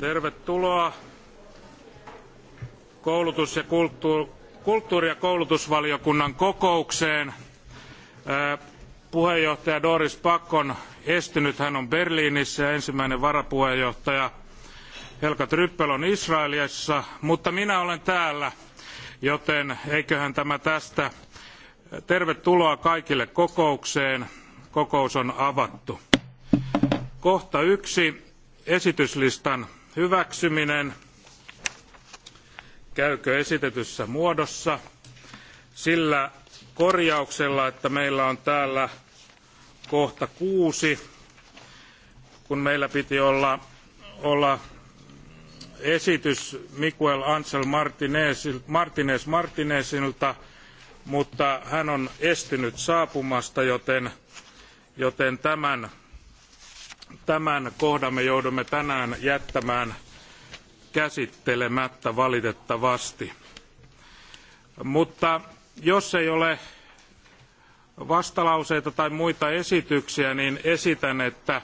Tervetuloa koulutus- ja kulttuuri- ja koulutusvaliokunnan kokoukseen. Puheenjohtaja Doris Pack on estynyt, hän on Berliinissä ja ensimmäinen varapuheenjohtaja Helka Tryppel on Israelissa, mutta minä olen täällä, joten eiköhän tämä tästä. Tervetuloa kaikille kokoukseen. Kokous on avattu kohta yksi esityslistan hyväksyminen käykö esitetyssä muodossa sillä korjauksella että meillä on täällä kohta kuusi kun meillä piti olla, olla esitys Miguel Ansel Martinez, Martinez Martinezilta, mutta hän on estynyt saapumasta, joten, joten tämän tämän kohdan me joudumme tänään jättämään käsittelemättä valitettavasti. Mutta jos ei ole vastalauseita tai muita esityksiä, niin esitän, että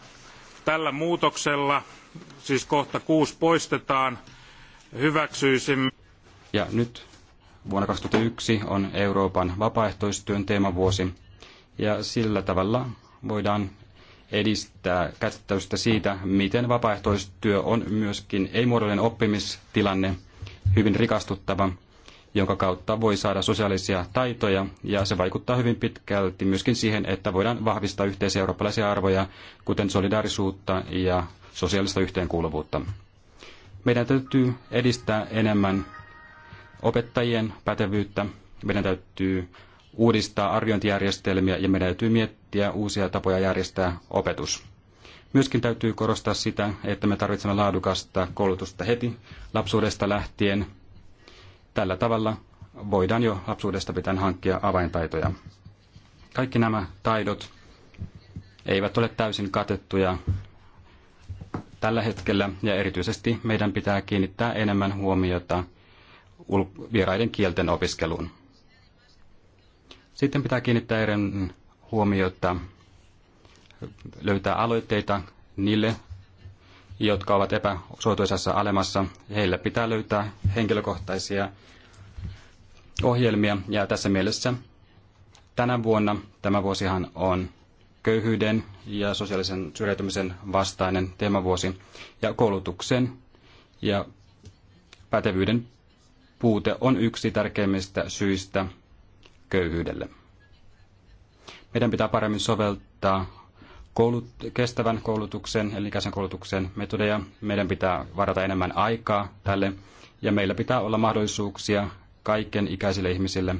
tällä muutoksella, siis kohta kuusi poistetaan, hyväksyisimme. Ja nyt vuonna 2001 on Euroopan vapaaehtoistyön teemavuosi, ja sillä tavalla voidaan edistää käsittäystä siitä, miten vapaaehtoistyö on myöskin ei-muodollinen oppimistilanne, hyvin rikastuttava, jonka kautta voi saada sosiaalisia taitoja, ja se vaikuttaa hyvin pitkälti myöskin siihen, että voidaan vahvistaa yhteisiä eurooppalaisia arvoja, kuten solidaarisuutta ja sosiaalista yhteenkuuluvuutta. Meidän täytyy edistää enemmän opettajien pätevyyttä, meidän täytyy uudistaa arviointijärjestelmiä ja meidän täytyy miettiä uusia tapoja järjestää opetus. Myöskin täytyy korostaa sitä, että me tarvitsemme laadukasta koulutusta heti lapsuudesta lähtien. Tällä tavalla voidaan jo lapsuudesta pitäen hankkia avaintaitoja. Kaikki nämä taidot eivät ole täysin katettuja tällä hetkellä ja erityisesti meidän pitää kiinnittää enemmän huomiota vieraiden kielten opiskeluun. Sitten pitää kiinnittää eri huomiota, löytää aloitteita niille, jotka ovat epäsuotuisassa alemassa. Heillä pitää löytää henkilökohtaisia ohjelmia ja tässä mielessä tänä vuonna, tämä vuosihan on köyhyyden ja sosiaalisen syrjäytymisen vastainen teemavuosi ja koulutuksen ja pätevyyden puute on yksi tärkeimmistä syistä köyhyydelle. Meidän pitää paremmin soveltaa koulut, kestävän koulutuksen, eli ikäisen koulutuksen metodeja. Meidän pitää varata enemmän aikaa tälle ja meillä pitää olla mahdollisuuksia kaiken ikäisille ihmisille.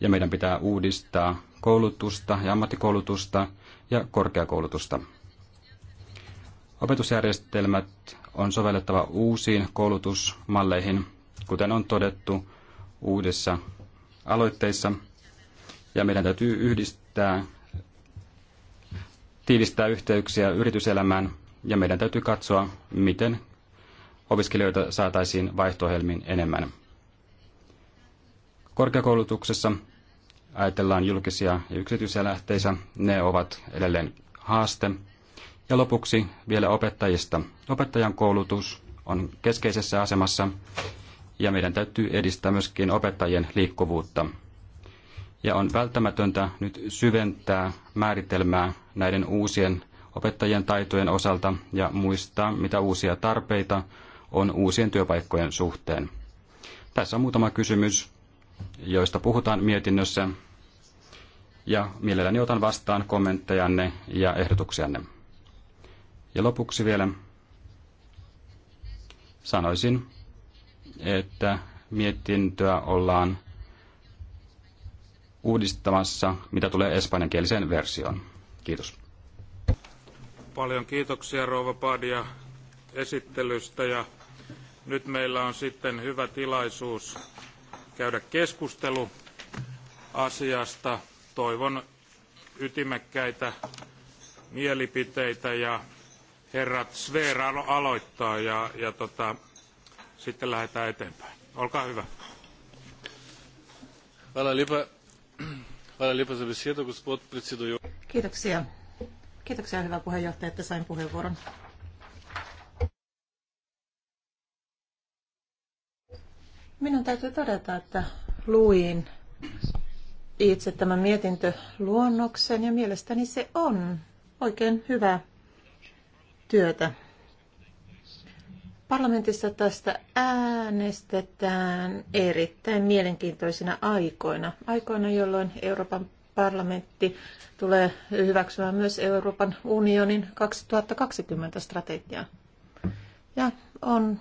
Ja meidän pitää uudistaa koulutusta ja ammattikoulutusta ja korkeakoulutusta. Opetusjärjestelmät on sovellettava uusiin koulutusmalleihin, kuten on todettu uudessa aloitteissa. Ja meidän täytyy yhdistää, tiivistää yhteyksiä yrityselämään ja meidän täytyy katsoa, miten opiskelijoita saataisiin vaihtoehjelmiin enemmän. Korkeakoulutuksessa ajatellaan julkisia ja yksityisiä lähteitä, ne ovat edelleen haaste. Ja lopuksi vielä opettajista. Opettajan koulutus on keskeisessä asemassa ja meidän täytyy edistää myöskin opettajien liikkuvuutta. Ja on välttämätöntä nyt syventää määritelmää näiden uusien opettajien taitojen osalta ja muistaa, mitä uusia tarpeita on uusien työpaikkojen suhteen. Tässä on muutama kysymys, joista puhutaan mietinnössä, ja mielelläni otan vastaan kommenttejanne ja ehdotuksianne. Ja lopuksi vielä sanoisin, että mietintöä ollaan uudistamassa, mitä tulee espanjankieliseen versioon. Kiitos. Paljon kiitoksia Rouva Padia esittelystä ja nyt meillä on sitten hyvä tilaisuus käydä keskustelu asiasta. Toivon ytimekkäitä mielipiteitä ja herra Sveera aloittaa ja, ja tota, sitten lähdetään eteenpäin. Olkaa hyvä. Kiitoksia. Kiitoksia hyvä puheenjohtaja, että sain puheenvuoron. Minun täytyy todeta, että luin itse tämän mietintöluonnoksen ja mielestäni se on oikein hyvä työtä. Parlamentissa tästä äänestetään erittäin mielenkiintoisina aikoina. Aikoina, jolloin Euroopan parlamentti tulee hyväksymään myös Euroopan unionin 2020 strategiaa. Ja on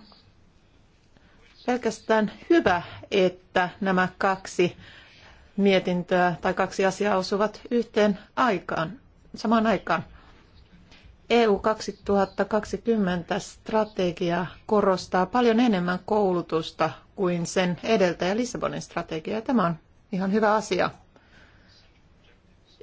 pelkästään hyvä, että nämä kaksi mietintöä tai kaksi asiaa osuvat yhteen aikaan, samaan aikaan. EU 2020 strategia korostaa paljon enemmän koulutusta kuin sen edeltäjä Lissabonin strategia. Tämä on ihan hyvä asia.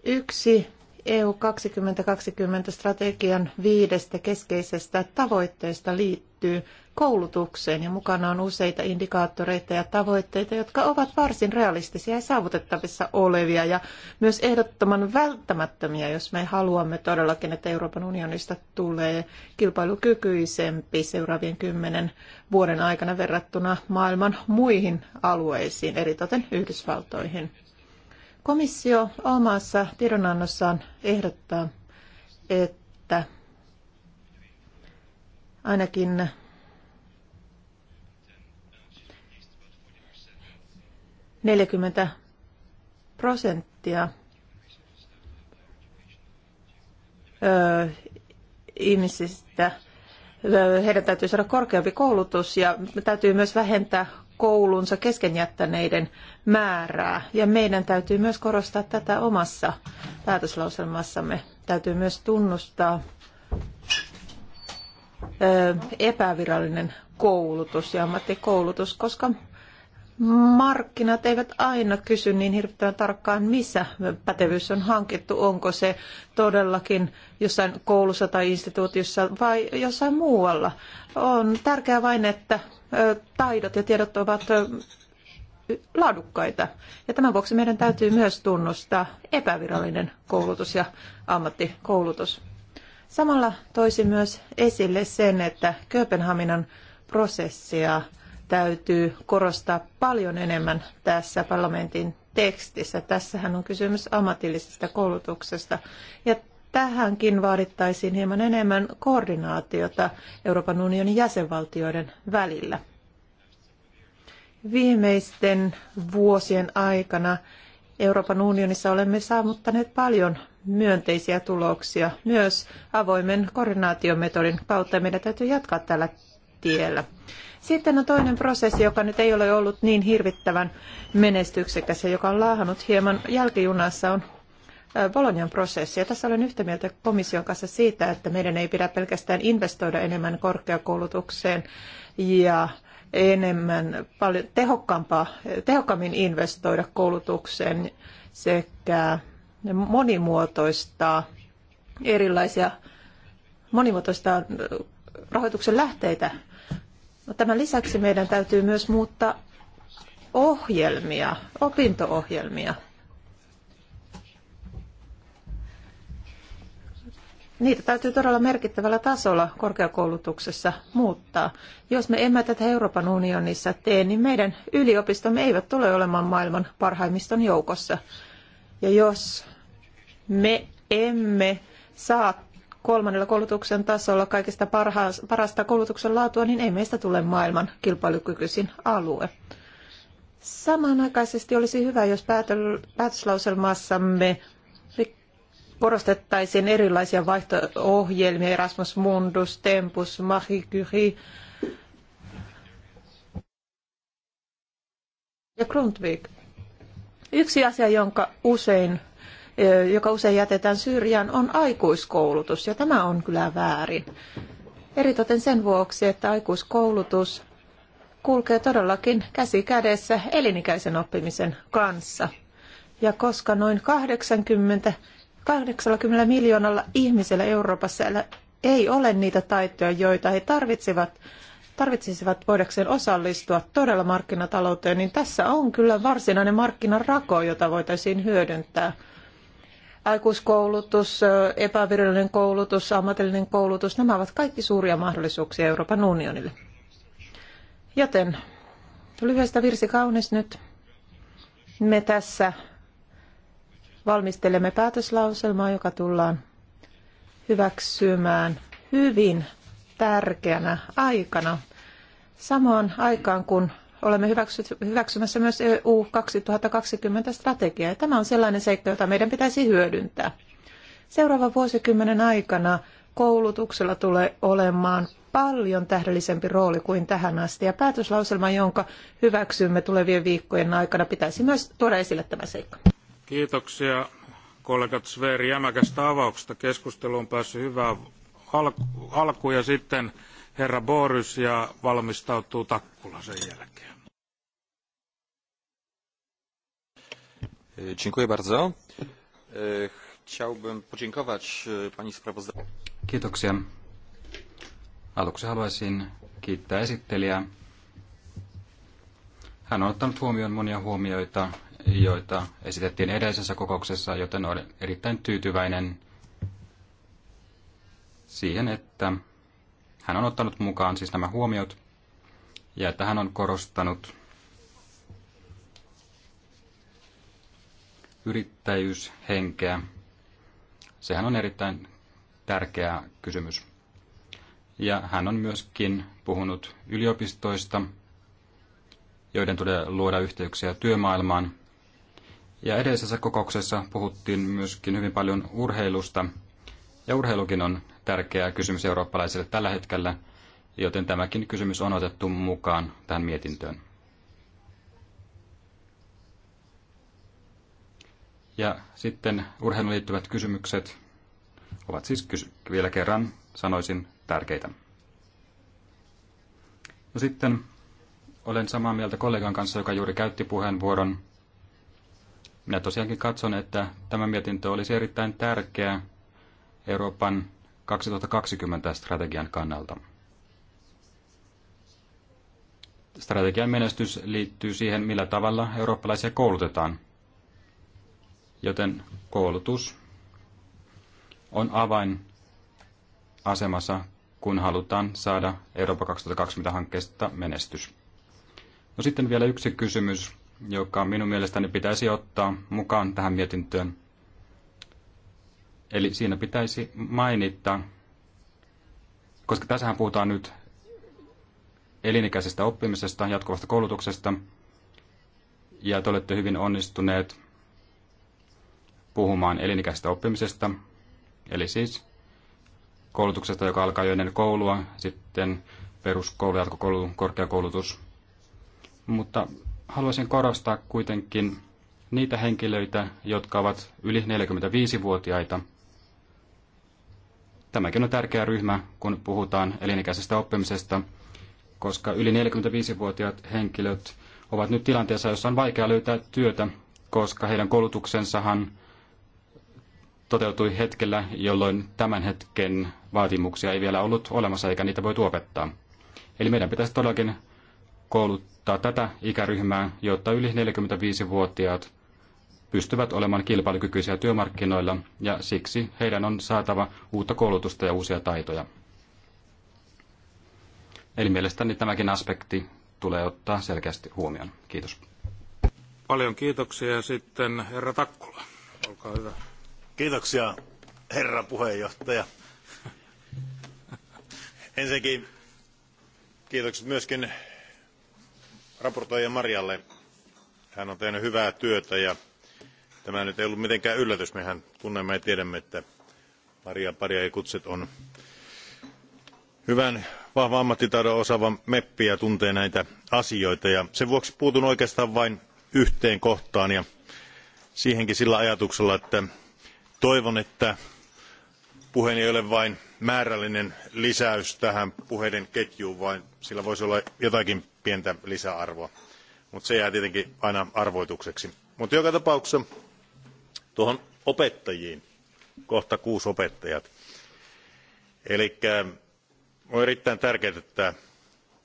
Yksi EU 2020 strategian viidestä keskeisestä tavoitteesta liittyy koulutukseen ja mukana on useita indikaattoreita ja tavoitteita, jotka ovat varsin realistisia ja saavutettavissa olevia ja myös ehdottoman välttämättömiä, jos me haluamme todellakin, että Euroopan unionista tulee kilpailukykyisempi seuraavien kymmenen vuoden aikana verrattuna maailman muihin alueisiin, eritoten Yhdysvaltoihin. Komissio omassa tiedonannossaan ehdottaa, että ainakin neljäkymmentä prosenttia ihmisistä, heidän täytyy saada korkeampi koulutus ja täytyy myös vähentää koulunsa keskenjättäneiden määrää. Ja meidän täytyy myös korostaa tätä omassa päätöslauselmassamme. Täytyy myös tunnustaa epävirallinen koulutus ja ammattikoulutus, koska markkinat eivät aina kysy niin hirveän tarkkaan, missä pätevyys on hankittu. Onko se todellakin jossain koulussa tai instituutiossa vai jossain muualla. On tärkeää vain, että taidot ja tiedot ovat laadukkaita. Ja tämän vuoksi meidän täytyy myös tunnustaa epävirallinen koulutus ja ammattikoulutus. Samalla toisin myös esille sen, että Kööpenhaminan prosessia täytyy korostaa paljon enemmän tässä parlamentin tekstissä. Tässähän on kysymys ammatillisesta koulutuksesta. Ja tähänkin vaadittaisiin hieman enemmän koordinaatiota Euroopan unionin jäsenvaltioiden välillä. Viimeisten vuosien aikana Euroopan unionissa olemme saavuttaneet paljon myönteisiä tuloksia myös avoimen koordinaatiometodin kautta. Meidän täytyy jatkaa tällä tiellä. Sitten on toinen prosessi, joka nyt ei ole ollut niin hirvittävän menestyksekäs ja joka on laahannut hieman jälkijunassa, on Bolognan prosessi. Ja tässä olen yhtä mieltä komission kanssa siitä, että meidän ei pidä pelkästään investoida enemmän korkeakoulutukseen ja enemmän, paljon tehokkaampaa, tehokkaammin investoida koulutukseen sekä monimuotoistaa erilaisia monimuotoista rahoituksen lähteitä Tämän lisäksi meidän täytyy myös muuttaa ohjelmia, opinto-ohjelmia. Niitä täytyy todella merkittävällä tasolla korkeakoulutuksessa muuttaa. Jos me emme tätä Euroopan unionissa tee, niin meidän yliopistomme eivät tule olemaan maailman parhaimmiston joukossa. Ja jos me emme saa kolmannella koulutuksen tasolla kaikista parhaas, parasta koulutuksen laatua, niin ei meistä tule maailman kilpailukykyisin alue. Samanaikaisesti olisi hyvä, jos päätöslauselmassamme korostettaisiin erilaisia vaihto-ohjelmia, Erasmus Mundus, Tempus, Marie Curie ja Grundtvig. Yksi asia, jonka usein joka usein jätetään syrjään, on aikuiskoulutus, ja tämä on kyllä väärin. Eritoten sen vuoksi, että aikuiskoulutus kulkee todellakin käsi kädessä elinikäisen oppimisen kanssa. Ja koska noin 80, 80 miljoonalla ihmisellä Euroopassa ei ole niitä taitoja, joita he tarvitsevat, tarvitsisivat voidakseen osallistua todella markkinatalouteen, niin tässä on kyllä varsinainen markkinarako, jota voitaisiin hyödyntää – aikuiskoulutus, epävirallinen koulutus, ammatillinen koulutus, nämä ovat kaikki suuria mahdollisuuksia Euroopan unionille. Joten lyhyestä virsi kaunis nyt. Me tässä valmistelemme päätöslauselmaa, joka tullaan hyväksymään hyvin tärkeänä aikana. Samaan aikaan, kun olemme hyväksymässä myös EU 2020 strategiaa. Ja tämä on sellainen seikka, jota meidän pitäisi hyödyntää. Seuraavan vuosikymmenen aikana koulutuksella tulee olemaan paljon tähdellisempi rooli kuin tähän asti. Ja päätöslauselma, jonka hyväksymme tulevien viikkojen aikana, pitäisi myös tuoda esille tämä seikka. Kiitoksia kollegat Sveer jämäkästä avauksesta. Keskustelu on päässyt hyvään alkuun ja sitten herra Boris ja valmistautuu Takkula sen jälkeen. E, dziękuję bardzo. E, chciałbym podziękować e, pani sprawozdawcy. Kiitoksia. Aluksi haluaisin kiittää esittelijää. Hän on ottanut huomioon monia huomioita, joita esitettiin edellisessä kokouksessa, joten olen erittäin tyytyväinen siihen, että hän on ottanut mukaan siis nämä huomiot ja että hän on korostanut yrittäjyyshenkeä. Sehän on erittäin tärkeä kysymys. Ja hän on myöskin puhunut yliopistoista, joiden tulee luoda yhteyksiä työmaailmaan. Ja edellisessä kokouksessa puhuttiin myöskin hyvin paljon urheilusta. Ja urheilukin on tärkeä kysymys eurooppalaisille tällä hetkellä, joten tämäkin kysymys on otettu mukaan tähän mietintöön. Ja sitten urheiluun liittyvät kysymykset ovat siis kysy- vielä kerran, sanoisin, tärkeitä. No sitten olen samaa mieltä kollegan kanssa, joka juuri käytti puheenvuoron. Minä tosiaankin katson, että tämä mietintö olisi erittäin tärkeä Euroopan 2020-strategian kannalta. Strategian menestys liittyy siihen, millä tavalla eurooppalaisia koulutetaan – Joten koulutus on avain asemassa, kun halutaan saada Eurooppa 2020-hankkeesta menestys. No sitten vielä yksi kysymys, joka minun mielestäni pitäisi ottaa mukaan tähän mietintöön. Eli siinä pitäisi mainita, koska tässähän puhutaan nyt elinikäisestä oppimisesta, jatkuvasta koulutuksesta, ja te olette hyvin onnistuneet puhumaan elinikäisestä oppimisesta, eli siis koulutuksesta, joka alkaa jo ennen koulua, sitten peruskoulu, jatkokoulu, korkeakoulutus. Mutta haluaisin korostaa kuitenkin niitä henkilöitä, jotka ovat yli 45-vuotiaita. Tämäkin on tärkeä ryhmä, kun puhutaan elinikäisestä oppimisesta, koska yli 45-vuotiaat henkilöt ovat nyt tilanteessa, jossa on vaikea löytää työtä, koska heidän koulutuksensahan toteutui hetkellä, jolloin tämän hetken vaatimuksia ei vielä ollut olemassa eikä niitä voi opettaa. Eli meidän pitäisi todellakin kouluttaa tätä ikäryhmää, jotta yli 45-vuotiaat pystyvät olemaan kilpailukykyisiä työmarkkinoilla ja siksi heidän on saatava uutta koulutusta ja uusia taitoja. Eli mielestäni tämäkin aspekti tulee ottaa selkeästi huomioon. Kiitos. Paljon kiitoksia sitten herra Takkula. Olkaa hyvä. Kiitoksia, herra puheenjohtaja. Ensinnäkin kiitokset myöskin raportoija marialle Hän on tehnyt hyvää työtä ja tämä nyt ei ollut mitenkään yllätys. Mehän tunnemme ja tiedämme, että Maria Paria on hyvän vahvan ammattitaidon osaava meppi ja tuntee näitä asioita ja sen vuoksi puutun oikeastaan vain yhteen kohtaan ja siihenkin sillä ajatuksella että toivon että puheeni ei ole vain määrällinen lisäys tähän puheiden ketjuun vaan sillä voisi olla jotakin pientä lisäarvoa mutta se jää tietenkin aina arvoitukseksi. mutta joka tapauksessa tuohon opettajiin kohta kuusi opettajat eli on erittäin tärkeää että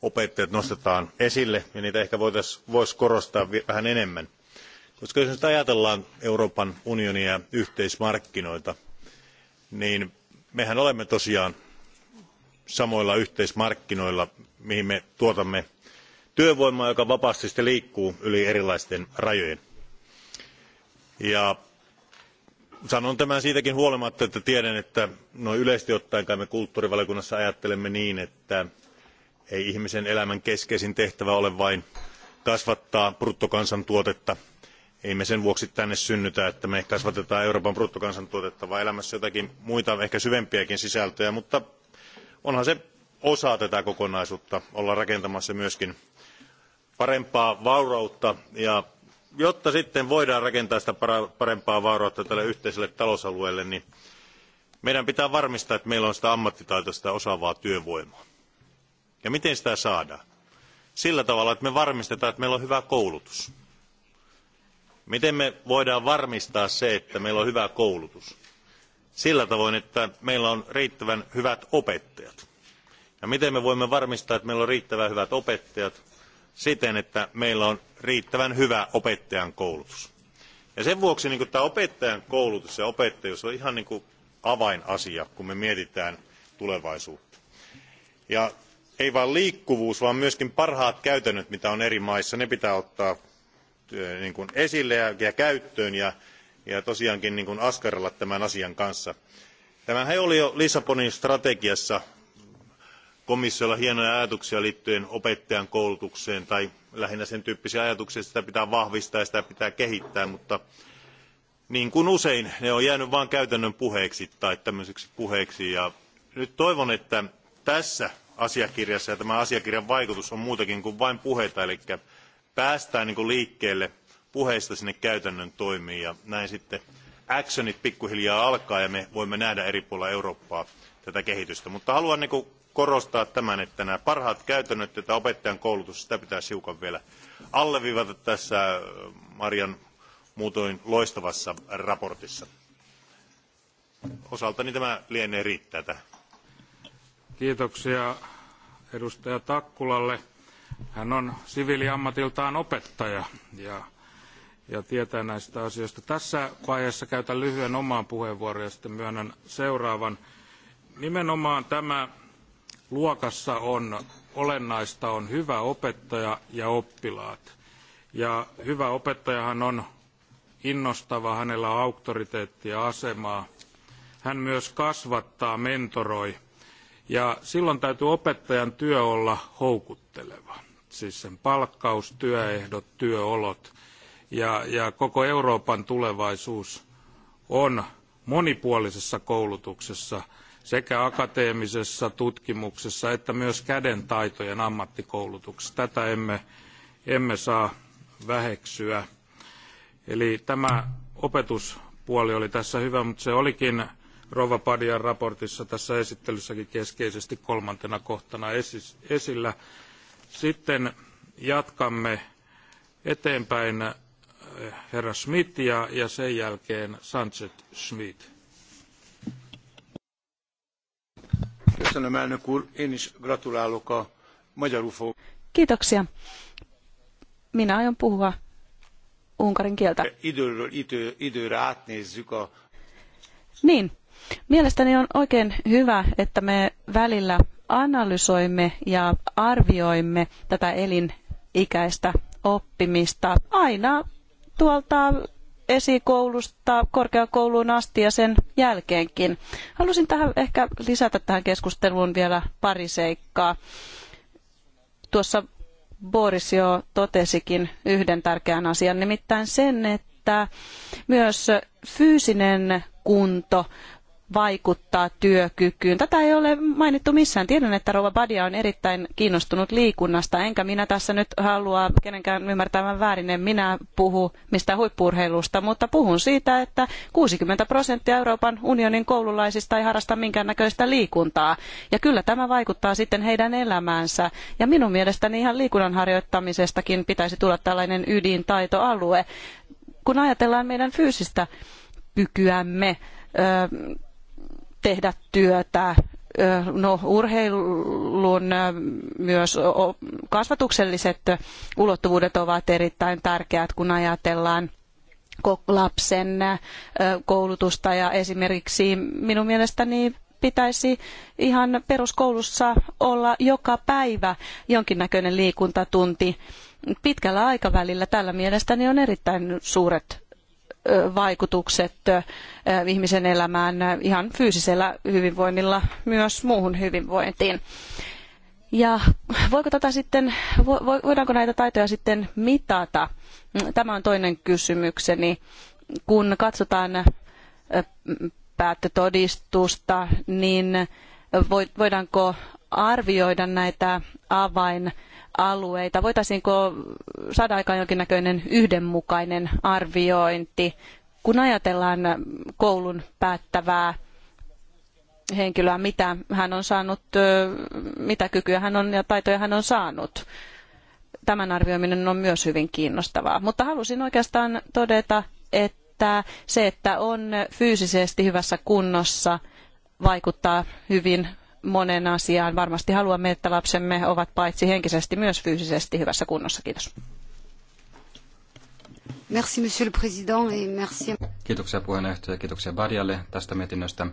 opettajat nostetaan esille ja niitä ehkä voisi korostaa vähän enemmän koska jos nyt ajatellaan euroopan unionia ja yhteismarkkinoita niin mehän olemme tosiaan samoilla yhteismarkkinoilla mihin me tuotamme työvoimaa joka vapaasti sitten liikkuu yli erilaisten rajojen. Ja sanon tämän siitäkin huolimatta että tiedän että noin yleisesti ottaen kai me kulttuurivaliokunnassa ajattelemme niin että ei ihmisen elämän keskeisin tehtävä ole vain kasvattaa bruttokansantuotetta emme me sen vuoksi tänne synny että me kasvatamme euroopan bruttokansantuotetta vaan elämässä on jotakin muita ehkä syvempiäkin sisältöjä mutta onhan se osa tätä kokonaisuutta olla rakentamassa myös parempaa vaurautta ja jotta sitten voidaan rakentaa sitä parempaa vaurautta tälle yhteiselle talousalueelle niin meidän pitää varmistaa että meillä on sitä ammattitaitoista osaavaa työvoimaa. ja miten sitä saadaan? sillä tavalla että me varmistamme että meillä on hyvä koulutus miten me voimme varmistaa sen että meillä on hyvä koulutus? sillä tavoin että meillä on riittävän hyvät opettajat. ja miten me voimme varmistaa että meillä on riittävän hyvät opettajat? siten että meillä on riittävän hyvä opettajankoulutus. Ja sen vuoksi niin tämä opettajan koulutus ja opettajuus on ihan niin avainasia kun me mietimme tulevaisuutta. Ja ei vain liikkuvuus vaan myös parhaat käytännöt mitä on eri maissa ne pitää ottaa niin esille ja, käyttöön ja, ja tosiaankin niin kuin askarrella tämän asian kanssa. Tämähän oli jo Lissabonin strategiassa komissiolla hienoja ajatuksia liittyen opettajan koulutukseen tai lähinnä sen tyyppisiä ajatuksia, että sitä pitää vahvistaa ja sitä pitää kehittää, mutta niin kuin usein ne on jäänyt vain käytännön puheeksi tai tämmöiseksi puheeksi. Ja nyt toivon, että tässä asiakirjassa ja tämän asiakirjan vaikutus on muutakin kuin vain puheita, eli päästään niin liikkeelle puheista sinne käytännön toimiin ja näin sitten actionit pikkuhiljaa alkaa ja me voimme nähdä eri puolilla Eurooppaa tätä kehitystä. Mutta haluan niin korostaa tämän, että nämä parhaat käytännöt, joita opettajan koulutus, sitä pitäisi hiukan vielä alleviivata tässä Marian muutoin loistavassa raportissa. Osaltani tämä lienee riittää tähän. Kiitoksia edustaja Takkulalle. Hän on siviiliammatiltaan opettaja ja, ja tietää näistä asioista. Tässä vaiheessa käytän lyhyen omaan puheenvuoron ja sitten myönnän seuraavan. Nimenomaan tämä luokassa on olennaista on hyvä opettaja ja oppilaat. Ja hyvä opettajahan on innostava, hänellä on auktoriteettia ja asemaa. Hän myös kasvattaa, mentoroi. Ja silloin täytyy opettajan työ olla houkutteleva siis sen palkkaus, työehdot, työolot ja, ja koko Euroopan tulevaisuus on monipuolisessa koulutuksessa sekä akateemisessa tutkimuksessa että myös kädentaitojen ammattikoulutuksessa. Tätä emme, emme saa väheksyä. Eli tämä opetuspuoli oli tässä hyvä, mutta se olikin Rova Padian raportissa tässä esittelyssäkin keskeisesti kolmantena kohtana esillä. Sitten jatkamme eteenpäin eh, herra Smith ja, ja sen jälkeen Sanchez Smith. Köszönöm, elnök úr. Én is gratulálok a magyarul fog... Kiitoksia. Minä aion puhua unkarin kieltä. Időről idő, időre átnézzük a... Niin, Mielestäni on oikein hyvä, että me välillä analysoimme ja arvioimme tätä elinikäistä oppimista aina tuolta esikoulusta korkeakouluun asti ja sen jälkeenkin. Halusin tähän ehkä lisätä tähän keskusteluun vielä pari seikkaa. Tuossa Boris jo totesikin yhden tärkeän asian, nimittäin sen, että myös fyysinen kunto vaikuttaa työkykyyn. Tätä ei ole mainittu missään. Tiedän, että Rova Badia on erittäin kiinnostunut liikunnasta, enkä minä tässä nyt halua kenenkään ymmärtämään väärin, en minä puhu mistä huippurheilusta, mutta puhun siitä, että 60 prosenttia Euroopan unionin koululaisista ei harrasta minkäännäköistä liikuntaa. Ja kyllä tämä vaikuttaa sitten heidän elämäänsä. Ja minun mielestäni ihan liikunnan harjoittamisestakin pitäisi tulla tällainen ydintaitoalue. Kun ajatellaan meidän fyysistä kykyämme, tehdä työtä. No, urheilun myös kasvatukselliset ulottuvuudet ovat erittäin tärkeät, kun ajatellaan lapsen koulutusta ja esimerkiksi minun mielestäni pitäisi ihan peruskoulussa olla joka päivä jonkinnäköinen liikuntatunti pitkällä aikavälillä. Tällä mielestäni on erittäin suuret vaikutukset ihmisen elämään ihan fyysisellä hyvinvoinnilla myös muuhun hyvinvointiin. Ja voiko tätä sitten, voidaanko näitä taitoja sitten mitata? Tämä on toinen kysymykseni. Kun katsotaan päättötodistusta, niin voidaanko arvioida näitä avain alueita. Voitaisiinko saada aikaan jonkinnäköinen yhdenmukainen arviointi, kun ajatellaan koulun päättävää henkilöä, mitä hän on saanut, mitä kykyä hän on ja taitoja hän on saanut. Tämän arvioiminen on myös hyvin kiinnostavaa. Mutta halusin oikeastaan todeta, että se, että on fyysisesti hyvässä kunnossa, vaikuttaa hyvin monen asiaan. Varmasti haluamme, että lapsemme ovat paitsi henkisesti myös fyysisesti hyvässä kunnossa. Kiitos. Merci, monsieur le président, et merci. Kiitoksia puheenjohtaja ja kiitoksia Badialle tästä mietinnöstä.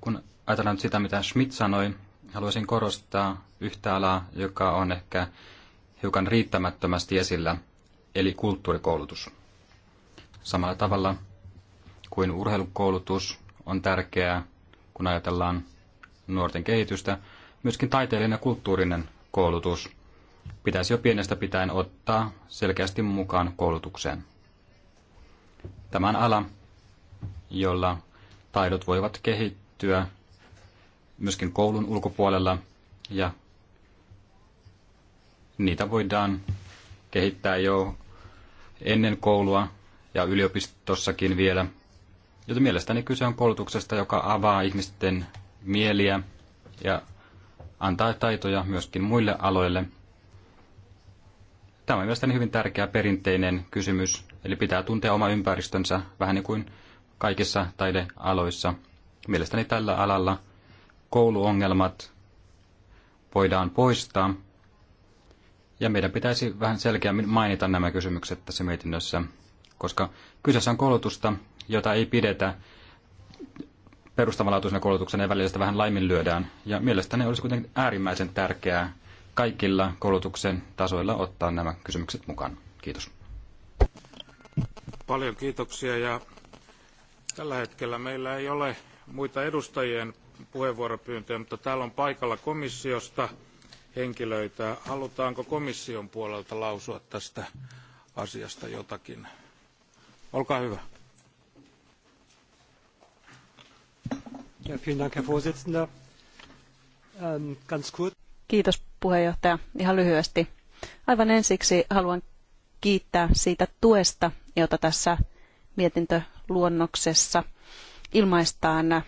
Kun ajatellaan nyt sitä, mitä Schmidt sanoi, haluaisin korostaa yhtä alaa, joka on ehkä hiukan riittämättömästi esillä, eli kulttuurikoulutus. Samalla tavalla kuin urheilukoulutus on tärkeää, kun ajatellaan nuorten kehitystä, myöskin taiteellinen ja kulttuurinen koulutus pitäisi jo pienestä pitäen ottaa selkeästi mukaan koulutukseen. Tämän ala, jolla taidot voivat kehittyä myöskin koulun ulkopuolella ja niitä voidaan kehittää jo ennen koulua ja yliopistossakin vielä. Joten mielestäni kyse on koulutuksesta, joka avaa ihmisten mieliä ja antaa taitoja myöskin muille aloille. Tämä on mielestäni hyvin tärkeä perinteinen kysymys, eli pitää tuntea oma ympäristönsä vähän niin kuin kaikissa taidealoissa. Mielestäni tällä alalla kouluongelmat voidaan poistaa, ja meidän pitäisi vähän selkeämmin mainita nämä kysymykset tässä mietinnössä, koska kyseessä on koulutusta, jota ei pidetä perustavanlaatuisena koulutuksena ja välillä sitä vähän laiminlyödään. Ja mielestäni olisi kuitenkin äärimmäisen tärkeää kaikilla koulutuksen tasoilla ottaa nämä kysymykset mukaan. Kiitos. Paljon kiitoksia ja tällä hetkellä meillä ei ole muita edustajien puheenvuoropyyntöjä, mutta täällä on paikalla komissiosta henkilöitä. Halutaanko komission puolelta lausua tästä asiasta jotakin? Olkaa hyvä. Ähm, Kiitos puheenjohtaja. Ihan lyhyesti. Aivan ensiksi haluan kiittää siitä tuesta, jota tässä mietintöluonnoksessa ilmaistaan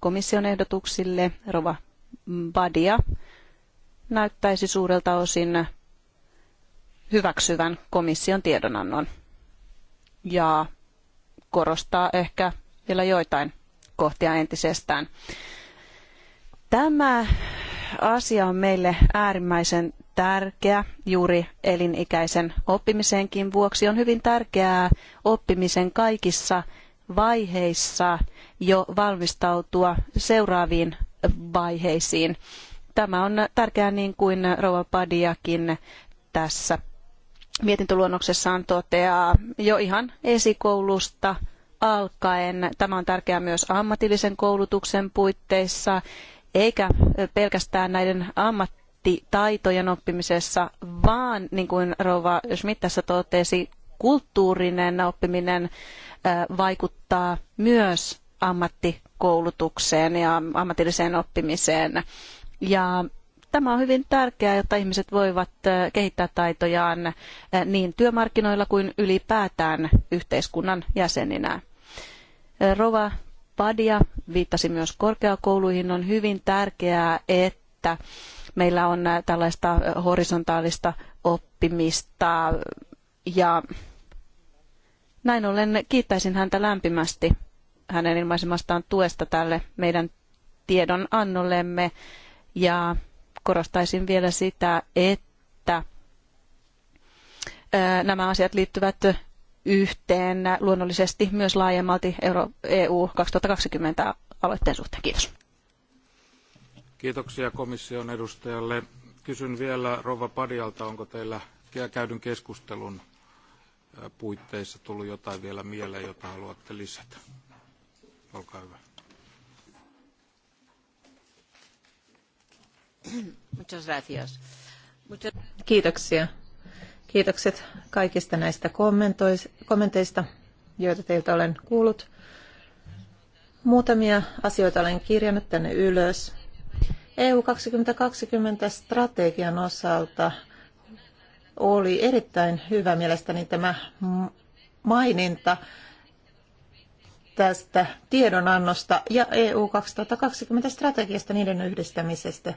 komission ehdotuksille. Rova Badia näyttäisi suurelta osin hyväksyvän komission tiedonannon ja korostaa ehkä vielä joitain kohtia entisestään. Tämä asia on meille äärimmäisen tärkeä juuri elinikäisen oppimisenkin vuoksi. On hyvin tärkeää oppimisen kaikissa vaiheissa jo valmistautua seuraaviin vaiheisiin. Tämä on tärkeää niin kuin Rouva Padiakin tässä mietintöluonnoksessaan toteaa jo ihan esikoulusta alkaen. Tämä on tärkeää myös ammatillisen koulutuksen puitteissa, eikä pelkästään näiden ammattitaitojen oppimisessa, vaan niin kuin Rova Schmidt tässä totesi, kulttuurinen oppiminen vaikuttaa myös ammattikoulutukseen ja ammatilliseen oppimiseen. Ja Tämä on hyvin tärkeää, jotta ihmiset voivat kehittää taitojaan niin työmarkkinoilla kuin ylipäätään yhteiskunnan jäseninä. Rova Padia viittasi myös korkeakouluihin. On hyvin tärkeää, että meillä on tällaista horisontaalista oppimista ja näin ollen kiittäisin häntä lämpimästi hänen ilmaisemastaan tuesta tälle meidän tiedon annollemme ja korostaisin vielä sitä, että nämä asiat liittyvät yhteen luonnollisesti myös laajemmalti Euro EU 2020 aloitteen suhteen. Kiitos. Kiitoksia komission edustajalle. Kysyn vielä Rova Padialta, onko teillä käydyn keskustelun puitteissa tullut jotain vielä mieleen, jota haluatte lisätä? Olkaa hyvä. Kiitoksia. Kiitokset kaikista näistä kommenteista, joita teiltä olen kuullut. Muutamia asioita olen kirjannut tänne ylös. EU 2020 strategian osalta oli erittäin hyvä mielestäni tämä maininta tästä tiedonannosta ja EU 2020 strategiasta niiden yhdistämisestä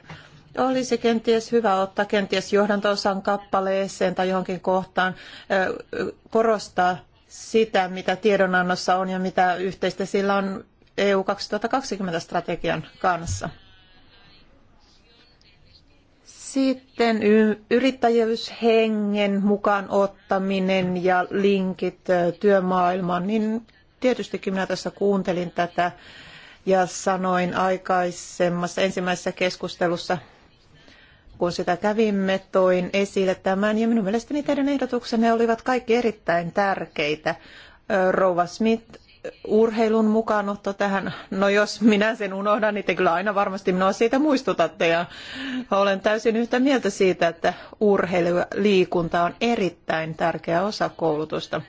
olisi kenties hyvä ottaa kenties johdantosan kappaleeseen tai johonkin kohtaan korostaa sitä, mitä tiedonannossa on ja mitä yhteistä sillä on EU 2020-strategian kanssa. Sitten yrittäjyyshengen mukaan ottaminen ja linkit työmaailmaan, niin tietystikin minä tässä kuuntelin tätä ja sanoin aikaisemmassa ensimmäisessä keskustelussa kun sitä kävimme, toin esille tämän ja minun mielestäni teidän ehdotuksenne olivat kaikki erittäin tärkeitä. Rouva Smith, urheilun mukaanotto tähän, no jos minä sen unohdan, niin te kyllä aina varmasti minua siitä muistutatte ja olen täysin yhtä mieltä siitä, että urheilu ja liikunta on erittäin tärkeä osa koulutusta.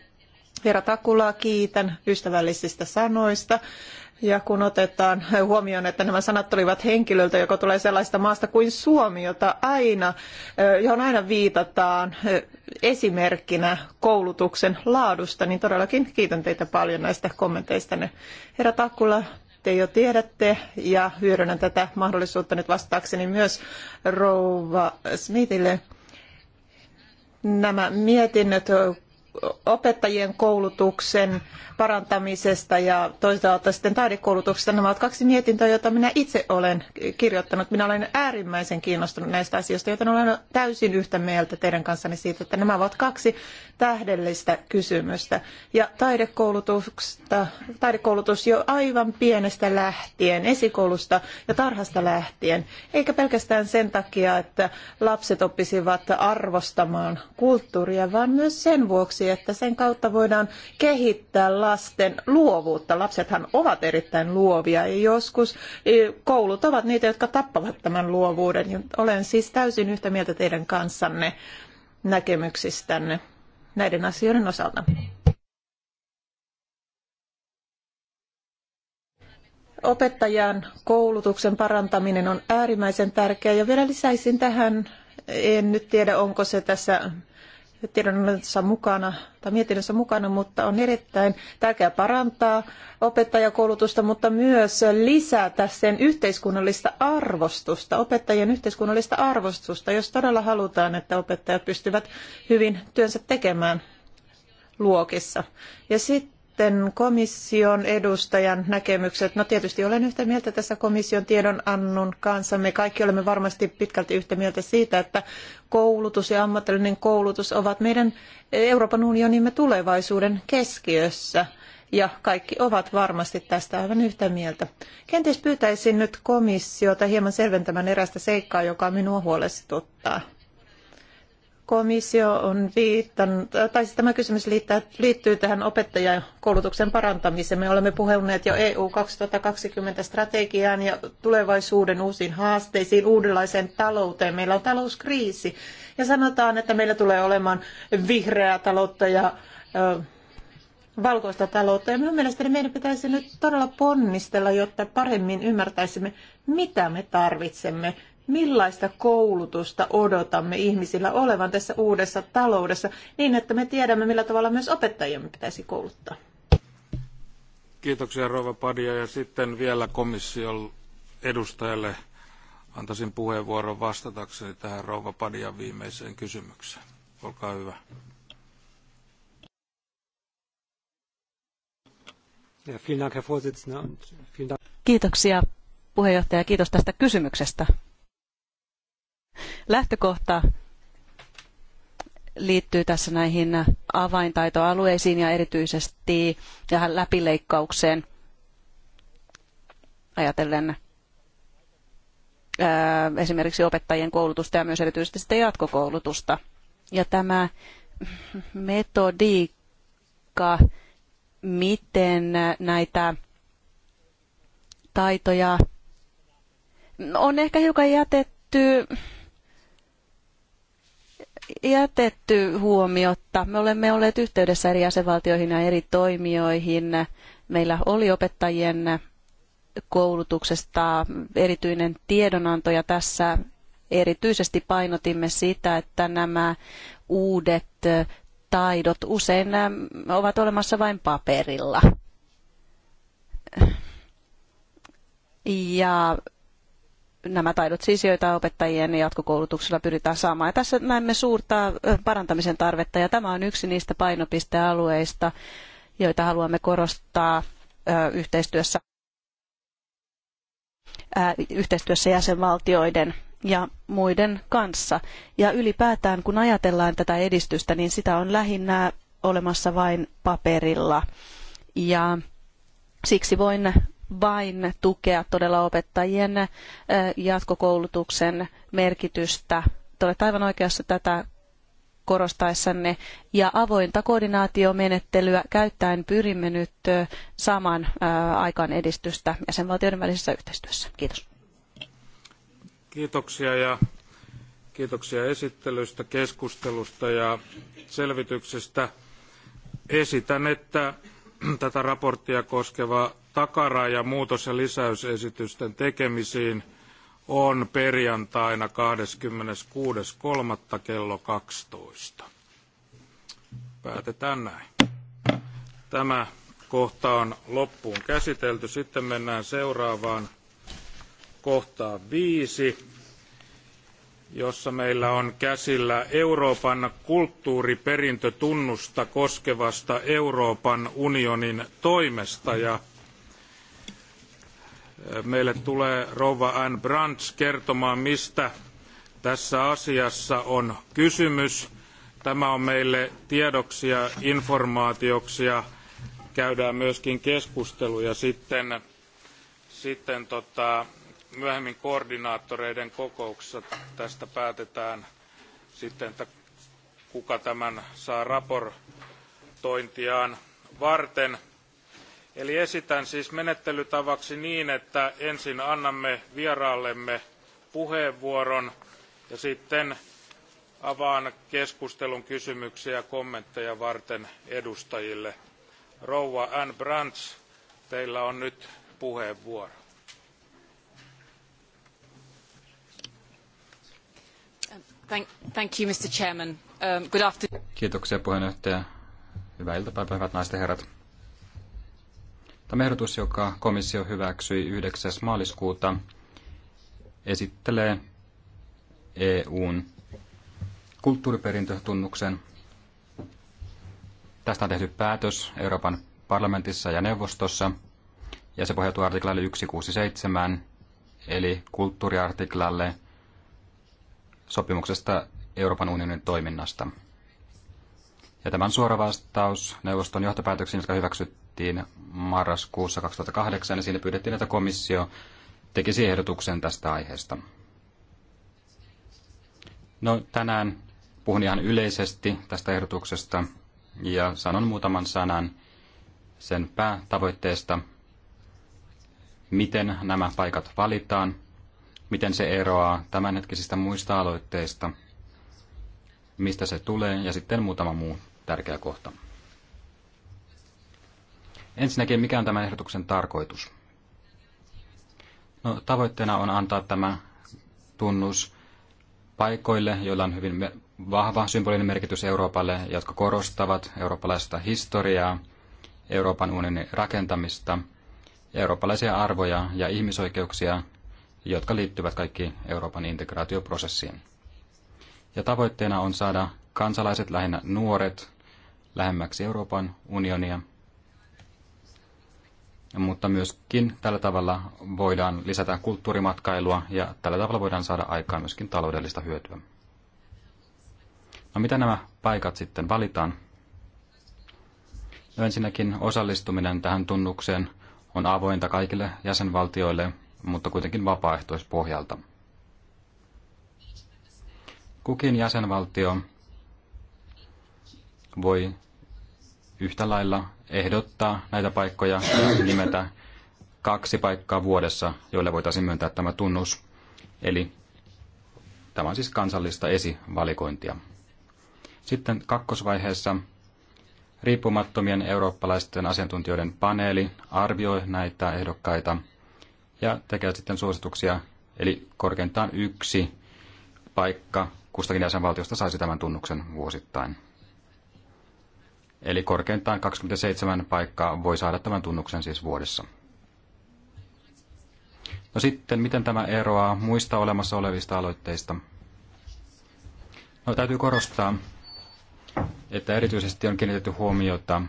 Vera Takulaa kiitän ystävällisistä sanoista ja kun otetaan huomioon, että nämä sanat tulivat henkilöltä, joka tulee sellaista maasta kuin Suomi, jota aina, johon aina viitataan esimerkkinä koulutuksen laadusta, niin todellakin kiitän teitä paljon näistä kommenteistanne. Herra Takkula, te jo tiedätte ja hyödynnän tätä mahdollisuutta nyt vastaakseni myös rouva Smithille. Nämä mietinnöt opettajien koulutuksen parantamisesta ja toisaalta sitten taidekoulutuksesta. Nämä ovat kaksi mietintöä, joita minä itse olen kirjoittanut. Minä olen äärimmäisen kiinnostunut näistä asioista, joten olen täysin yhtä mieltä teidän kanssanne siitä, että nämä ovat kaksi tähdellistä kysymystä. Ja taidekoulutusta, taidekoulutus jo aivan pienestä lähtien, esikoulusta ja tarhasta lähtien, eikä pelkästään sen takia, että lapset oppisivat arvostamaan kulttuuria, vaan myös sen vuoksi, siksi, että sen kautta voidaan kehittää lasten luovuutta. Lapsethan ovat erittäin luovia ja joskus e, koulut ovat niitä, jotka tappavat tämän luovuuden. Olen siis täysin yhtä mieltä teidän kanssanne näkemyksistänne näiden asioiden osalta. opettajan koulutuksen parantaminen on äärimmäisen tärkeää. Ja vielä lisäisin tähän, en nyt tiedä onko se tässä tiedonannossa mukana tai mietinnössä mukana, mutta on erittäin tärkeää parantaa opettajakoulutusta, mutta myös lisätä sen yhteiskunnallista arvostusta, opettajien yhteiskunnallista arvostusta, jos todella halutaan, että opettajat pystyvät hyvin työnsä tekemään luokissa. Ja sitten sitten komission edustajan näkemykset. No tietysti olen yhtä mieltä tässä komission tiedonannon kanssa. Me kaikki olemme varmasti pitkälti yhtä mieltä siitä, että koulutus ja ammatillinen koulutus ovat meidän Euroopan unionimme tulevaisuuden keskiössä. Ja kaikki ovat varmasti tästä aivan yhtä mieltä. Kenties pyytäisin nyt komissiota hieman selventämään erästä seikkaa, joka minua huolestuttaa komissio on viitannut, tai siis tämä kysymys liittyy tähän opettajakoulutuksen parantamiseen. Me olemme puhuneet jo EU 2020 strategiaan ja tulevaisuuden uusiin haasteisiin, uudenlaiseen talouteen. Meillä on talouskriisi ja sanotaan, että meillä tulee olemaan vihreää taloutta ja ö, valkoista taloutta. Ja minun mielestäni meidän pitäisi nyt todella ponnistella, jotta paremmin ymmärtäisimme, mitä me tarvitsemme millaista koulutusta odotamme ihmisillä olevan tässä uudessa taloudessa niin, että me tiedämme, millä tavalla myös opettajiamme pitäisi kouluttaa. Kiitoksia Rova Padia ja sitten vielä komission edustajalle antaisin puheenvuoron vastatakseni tähän Rova Padian viimeiseen kysymykseen. Olkaa hyvä. Kiitoksia puheenjohtaja, kiitos tästä kysymyksestä lähtökohta liittyy tässä näihin avaintaitoalueisiin ja erityisesti tähän läpileikkaukseen ajatellen esimerkiksi opettajien koulutusta ja myös erityisesti sitten jatkokoulutusta. Ja tämä metodiikka, miten näitä taitoja on ehkä hiukan jätetty jätetty huomiotta. Me olemme olleet yhteydessä eri jäsenvaltioihin ja eri toimijoihin. Meillä oli opettajien koulutuksesta erityinen tiedonanto ja tässä erityisesti painotimme sitä, että nämä uudet taidot usein ovat olemassa vain paperilla. Ja nämä taidot siis, joita opettajien jatkokoulutuksella pyritään saamaan. Ja tässä näemme suurta parantamisen tarvetta ja tämä on yksi niistä painopistealueista, joita haluamme korostaa yhteistyössä, yhteistyössä jäsenvaltioiden ja muiden kanssa. Ja ylipäätään, kun ajatellaan tätä edistystä, niin sitä on lähinnä olemassa vain paperilla. Ja siksi voin vain tukea todella opettajien jatkokoulutuksen merkitystä. Te olette aivan oikeassa tätä korostaessanne ja avointa koordinaatiomenettelyä käyttäen pyrimme nyt saamaan aikaan edistystä jäsenvaltioiden välisessä yhteistyössä. Kiitos. Kiitoksia ja kiitoksia esittelystä, keskustelusta ja selvityksestä. Esitän, että tätä raporttia koskeva takaraja muutos- ja lisäysesitysten tekemisiin on perjantaina 26.3. kello 12. Päätetään näin. Tämä kohta on loppuun käsitelty. Sitten mennään seuraavaan kohtaan viisi, jossa meillä on käsillä Euroopan kulttuuriperintötunnusta koskevasta Euroopan unionin toimesta. Ja meille tulee rouva Anne Brands kertomaan, mistä tässä asiassa on kysymys. Tämä on meille tiedoksi ja informaatioksi ja käydään myöskin keskusteluja sitten, sitten tota, myöhemmin koordinaattoreiden kokouksessa tästä päätetään sitten, että kuka tämän saa raportointiaan varten. Eli esitän siis menettelytavaksi niin, että ensin annamme vieraallemme puheenvuoron ja sitten avaan keskustelun kysymyksiä ja kommentteja varten edustajille. Rouva Ann Brands, teillä on nyt puheenvuoro. Thank, thank you, Mr. Chairman. Um, good afternoon. Kiitoksia puheenjohtaja. Hyvää iltapäivää, hyvät naiset ja herrat. Tämä ehdotus, joka komissio hyväksyi 9. maaliskuuta, esittelee EUn kulttuuriperintötunnuksen. Tästä on tehty päätös Euroopan parlamentissa ja neuvostossa, ja se pohjautuu artiklalle 167, eli kulttuuriartiklalle sopimuksesta Euroopan unionin toiminnasta. Ja tämän suora vastaus neuvoston johtopäätöksiin, jotka hyväksyttiin päätettiin marraskuussa 2008 ja siinä pyydettiin, että komissio tekisi ehdotuksen tästä aiheesta. No, tänään puhun ihan yleisesti tästä ehdotuksesta ja sanon muutaman sanan sen päätavoitteesta, miten nämä paikat valitaan, miten se eroaa tämänhetkisistä muista aloitteista, mistä se tulee ja sitten muutama muu tärkeä kohta. Ensinnäkin, mikä on tämän ehdotuksen tarkoitus? No, tavoitteena on antaa tämä tunnus paikoille, joilla on hyvin vahva symbolinen merkitys Euroopalle, jotka korostavat eurooppalaista historiaa, Euroopan unionin rakentamista, eurooppalaisia arvoja ja ihmisoikeuksia, jotka liittyvät kaikki Euroopan integraatioprosessiin. Ja tavoitteena on saada kansalaiset, lähinnä nuoret, lähemmäksi Euroopan unionia mutta myöskin tällä tavalla voidaan lisätä kulttuurimatkailua ja tällä tavalla voidaan saada aikaan myöskin taloudellista hyötyä. No mitä nämä paikat sitten valitaan? No ensinnäkin osallistuminen tähän tunnukseen on avointa kaikille jäsenvaltioille, mutta kuitenkin vapaaehtoispohjalta. Kukin jäsenvaltio voi yhtä lailla ehdottaa näitä paikkoja ja nimetä kaksi paikkaa vuodessa, joille voitaisiin myöntää tämä tunnus. Eli tämä on siis kansallista esivalikointia. Sitten kakkosvaiheessa riippumattomien eurooppalaisten asiantuntijoiden paneeli arvioi näitä ehdokkaita ja tekee sitten suosituksia, eli korkeintaan yksi paikka kustakin jäsenvaltiosta saisi tämän tunnuksen vuosittain. Eli korkeintaan 27 paikkaa voi saada tämän tunnuksen siis vuodessa. No sitten, miten tämä eroaa muista olemassa olevista aloitteista? No, täytyy korostaa, että erityisesti on kiinnitetty huomiota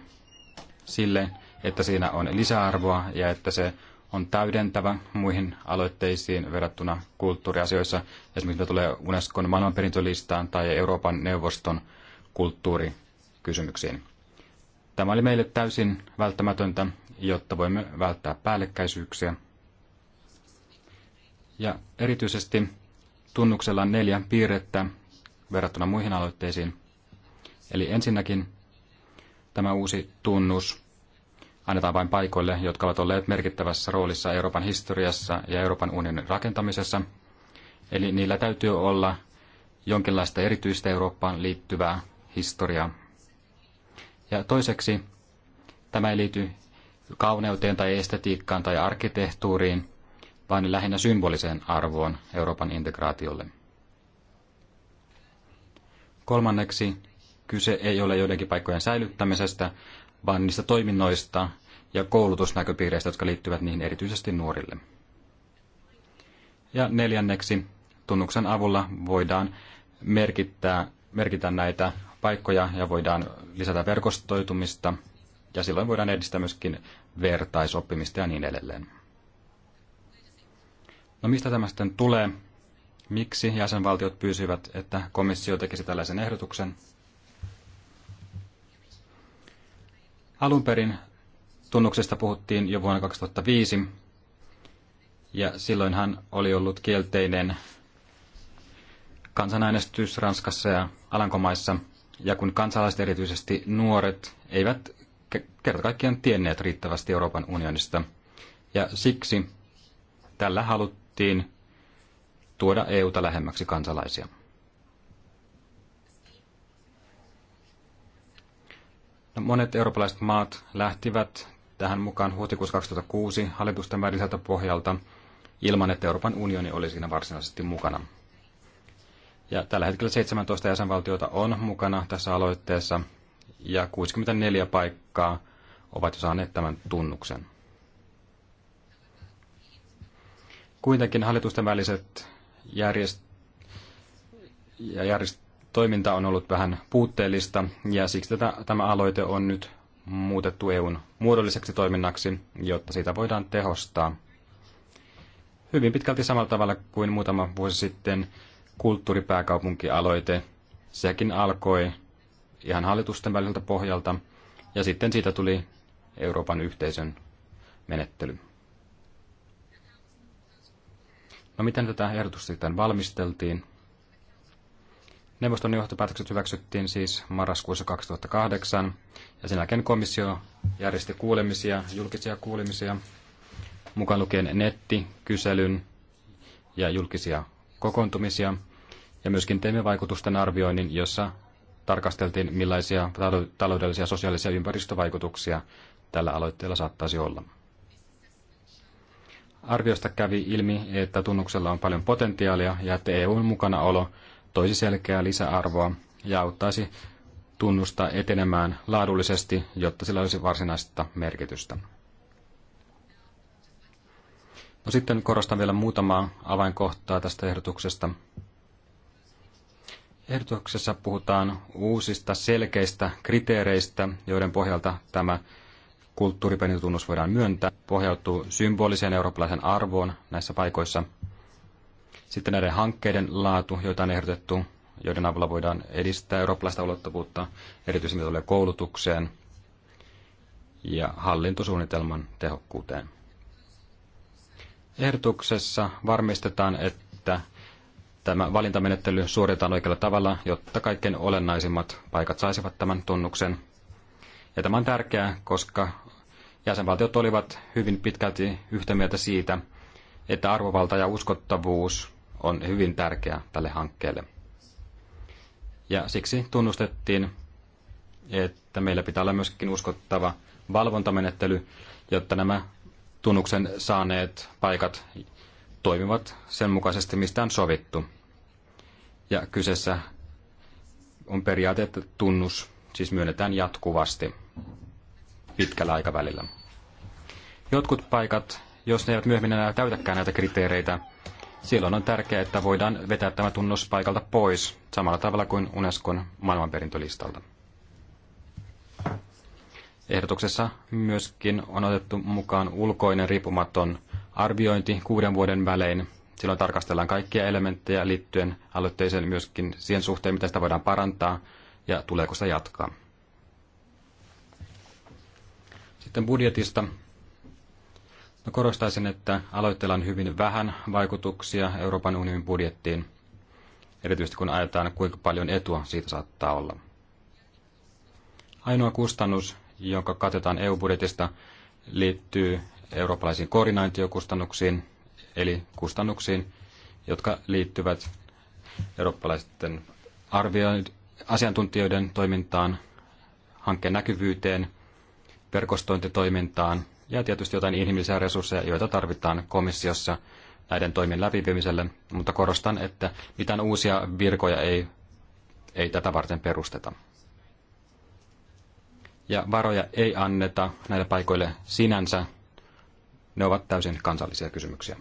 sille, että siinä on lisäarvoa ja että se on täydentävä muihin aloitteisiin verrattuna kulttuuriasioissa. Esimerkiksi mitä tulee Unescon maailmanperintölistaan tai Euroopan neuvoston kulttuurikysymyksiin. Tämä oli meille täysin välttämätöntä, jotta voimme välttää päällekkäisyyksiä. Ja erityisesti tunnuksella on neljä piirrettä verrattuna muihin aloitteisiin. Eli ensinnäkin tämä uusi tunnus annetaan vain paikoille, jotka ovat olleet merkittävässä roolissa Euroopan historiassa ja Euroopan unionin rakentamisessa. Eli niillä täytyy olla jonkinlaista erityistä Eurooppaan liittyvää historiaa. Ja toiseksi tämä ei liity kauneuteen tai estetiikkaan tai arkkitehtuuriin, vaan lähinnä symboliseen arvoon Euroopan integraatiolle. Kolmanneksi kyse ei ole joidenkin paikkojen säilyttämisestä, vaan niistä toiminnoista ja koulutusnäköpiireistä, jotka liittyvät niihin erityisesti nuorille. Ja neljänneksi tunnuksen avulla voidaan merkittää, merkitä näitä paikkoja ja voidaan lisätä verkostoitumista ja silloin voidaan edistää myöskin vertaisoppimista ja niin edelleen. No mistä tämä sitten tulee? Miksi jäsenvaltiot pyysivät, että komissio tekisi tällaisen ehdotuksen? Alun perin tunnuksesta puhuttiin jo vuonna 2005, ja silloinhan oli ollut kielteinen kansanäänestys Ranskassa ja Alankomaissa – ja kun kansalaiset, erityisesti nuoret, eivät kerta kaikkiaan tienneet riittävästi Euroopan unionista. Ja siksi tällä haluttiin tuoda EUta lähemmäksi kansalaisia. No, monet eurooppalaiset maat lähtivät tähän mukaan huhtikuussa 2006 hallitusten väliseltä pohjalta ilman, että Euroopan unioni oli siinä varsinaisesti mukana. Ja tällä hetkellä 17 jäsenvaltiota on mukana tässä aloitteessa ja 64 paikkaa ovat jo saaneet tämän tunnuksen. Kuitenkin hallitusten väliset järjest... ja järjest... toiminta on ollut vähän puutteellista ja siksi tätä, tämä aloite on nyt muutettu EUn muodolliseksi toiminnaksi, jotta sitä voidaan tehostaa. Hyvin pitkälti samalla tavalla kuin muutama vuosi sitten kulttuuripääkaupunkialoite, sekin alkoi ihan hallitusten väliltä pohjalta, ja sitten siitä tuli Euroopan yhteisön menettely. No miten tätä ehdotusta sitten valmisteltiin? Neuvoston johtopäätökset hyväksyttiin siis marraskuussa 2008, ja sen jälkeen komissio järjesti kuulemisia, julkisia kuulemisia, mukaan lukien nettikyselyn ja julkisia kokoontumisia – ja myöskin teimme vaikutusten arvioinnin, jossa tarkasteltiin, millaisia taloudellisia, sosiaalisia ympäristövaikutuksia tällä aloitteella saattaisi olla. Arviosta kävi ilmi, että tunnuksella on paljon potentiaalia ja että EUn mukanaolo toisi selkeää lisäarvoa ja auttaisi tunnusta etenemään laadullisesti, jotta sillä olisi varsinaista merkitystä. No sitten korostan vielä muutamaa avainkohtaa tästä ehdotuksesta. Ehdotuksessa puhutaan uusista selkeistä kriteereistä, joiden pohjalta tämä kulttuuriperintötunnus voidaan myöntää. Pohjautuu symboliseen eurooppalaisen arvoon näissä paikoissa. Sitten näiden hankkeiden laatu, joita on ehdotettu, joiden avulla voidaan edistää eurooppalaista ulottuvuutta, erityisesti mitä tulee koulutukseen ja hallintosuunnitelman tehokkuuteen. Ehdotuksessa varmistetaan, että tämä valintamenettely suoritetaan oikealla tavalla, jotta kaikkein olennaisimmat paikat saisivat tämän tunnuksen. Ja tämä on tärkeää, koska jäsenvaltiot olivat hyvin pitkälti yhtä mieltä siitä, että arvovalta ja uskottavuus on hyvin tärkeää tälle hankkeelle. Ja siksi tunnustettiin, että meillä pitää olla myöskin uskottava valvontamenettely, jotta nämä tunnuksen saaneet paikat toimivat sen mukaisesti, mistä on sovittu. Ja kyseessä on periaate, että tunnus siis myönnetään jatkuvasti pitkällä aikavälillä. Jotkut paikat, jos ne eivät myöhemmin enää täytäkään näitä kriteereitä, silloin on tärkeää, että voidaan vetää tämä tunnus paikalta pois samalla tavalla kuin Unescon maailmanperintölistalta. Ehdotuksessa myöskin on otettu mukaan ulkoinen riippumaton arviointi kuuden vuoden välein. Silloin tarkastellaan kaikkia elementtejä liittyen aloitteeseen myöskin siihen suhteen, mitä sitä voidaan parantaa ja tuleeko sitä jatkaa. Sitten budjetista. No korostaisin, että aloitteella on hyvin vähän vaikutuksia Euroopan unionin budjettiin, erityisesti kun ajetaan, kuinka paljon etua siitä saattaa olla. Ainoa kustannus, jonka katetaan EU-budjetista, liittyy eurooppalaisiin koordinaatiokustannuksiin, eli kustannuksiin, jotka liittyvät eurooppalaisten asiantuntijoiden toimintaan, hankkeen näkyvyyteen, verkostointitoimintaan ja tietysti jotain inhimillisiä resursseja, joita tarvitaan komissiossa näiden toimien läpiviemiselle, mutta korostan, että mitään uusia virkoja ei, ei tätä varten perusteta ja varoja ei anneta näille paikoille sinänsä. Ne ovat täysin kansallisia kysymyksiä.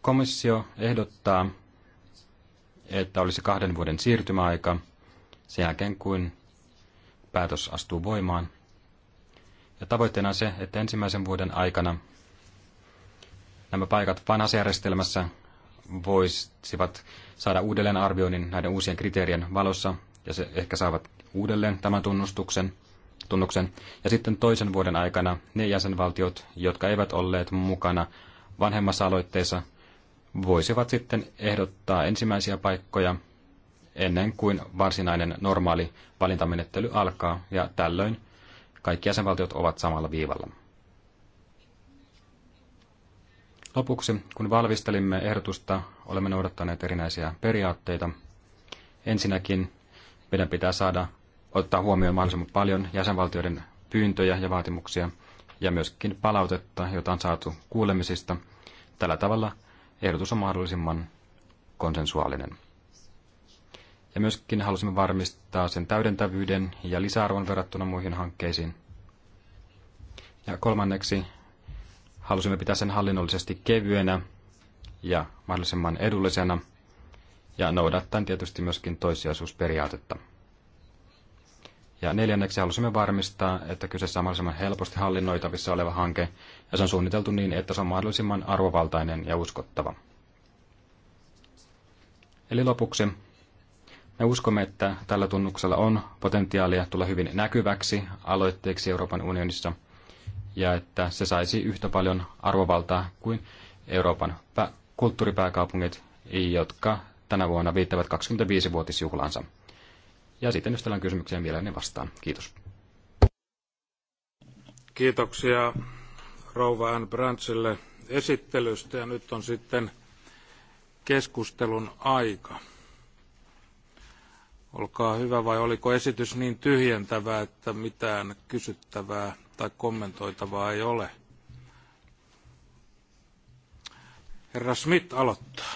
Komissio ehdottaa, että olisi kahden vuoden siirtymäaika sen jälkeen, kuin päätös astuu voimaan. Ja tavoitteena on se, että ensimmäisen vuoden aikana nämä paikat vanhassa järjestelmässä voisivat saada uudelleen arvioinnin näiden uusien kriteerien valossa, ja se ehkä saavat uudelleen tämän tunnustuksen, tunnuksen. Ja sitten toisen vuoden aikana ne jäsenvaltiot, jotka eivät olleet mukana vanhemmassa aloitteessa, voisivat sitten ehdottaa ensimmäisiä paikkoja ennen kuin varsinainen normaali valintamenettely alkaa, ja tällöin kaikki jäsenvaltiot ovat samalla viivalla. Lopuksi, kun valmistelimme ehdotusta, olemme noudattaneet erinäisiä periaatteita. Ensinnäkin meidän pitää saada ottaa huomioon mahdollisimman paljon jäsenvaltioiden pyyntöjä ja vaatimuksia ja myöskin palautetta, jota on saatu kuulemisista. Tällä tavalla ehdotus on mahdollisimman konsensuaalinen. Ja myöskin halusimme varmistaa sen täydentävyyden ja lisäarvon verrattuna muihin hankkeisiin. Ja kolmanneksi Halusimme pitää sen hallinnollisesti kevyenä ja mahdollisimman edullisena ja noudattaen tietysti myöskin toissijaisuusperiaatetta. Ja neljänneksi halusimme varmistaa, että kyseessä on mahdollisimman helposti hallinnoitavissa oleva hanke, ja se on suunniteltu niin, että se on mahdollisimman arvovaltainen ja uskottava. Eli lopuksi, me uskomme, että tällä tunnuksella on potentiaalia tulla hyvin näkyväksi aloitteeksi Euroopan unionissa – ja että se saisi yhtä paljon arvovaltaa kuin Euroopan pä- kulttuuripääkaupungit, jotka tänä vuonna viittävät 25-vuotisjuhlaansa. Ja sitten ystävän kysymykseen vielä ne vastaan. Kiitos. Kiitoksia rouva Ann Brantsille esittelystä ja nyt on sitten keskustelun aika. Olkaa hyvä, vai oliko esitys niin tyhjentävä, että mitään kysyttävää tai kommentoitavaa ei ole. Herra Smith aloittaa.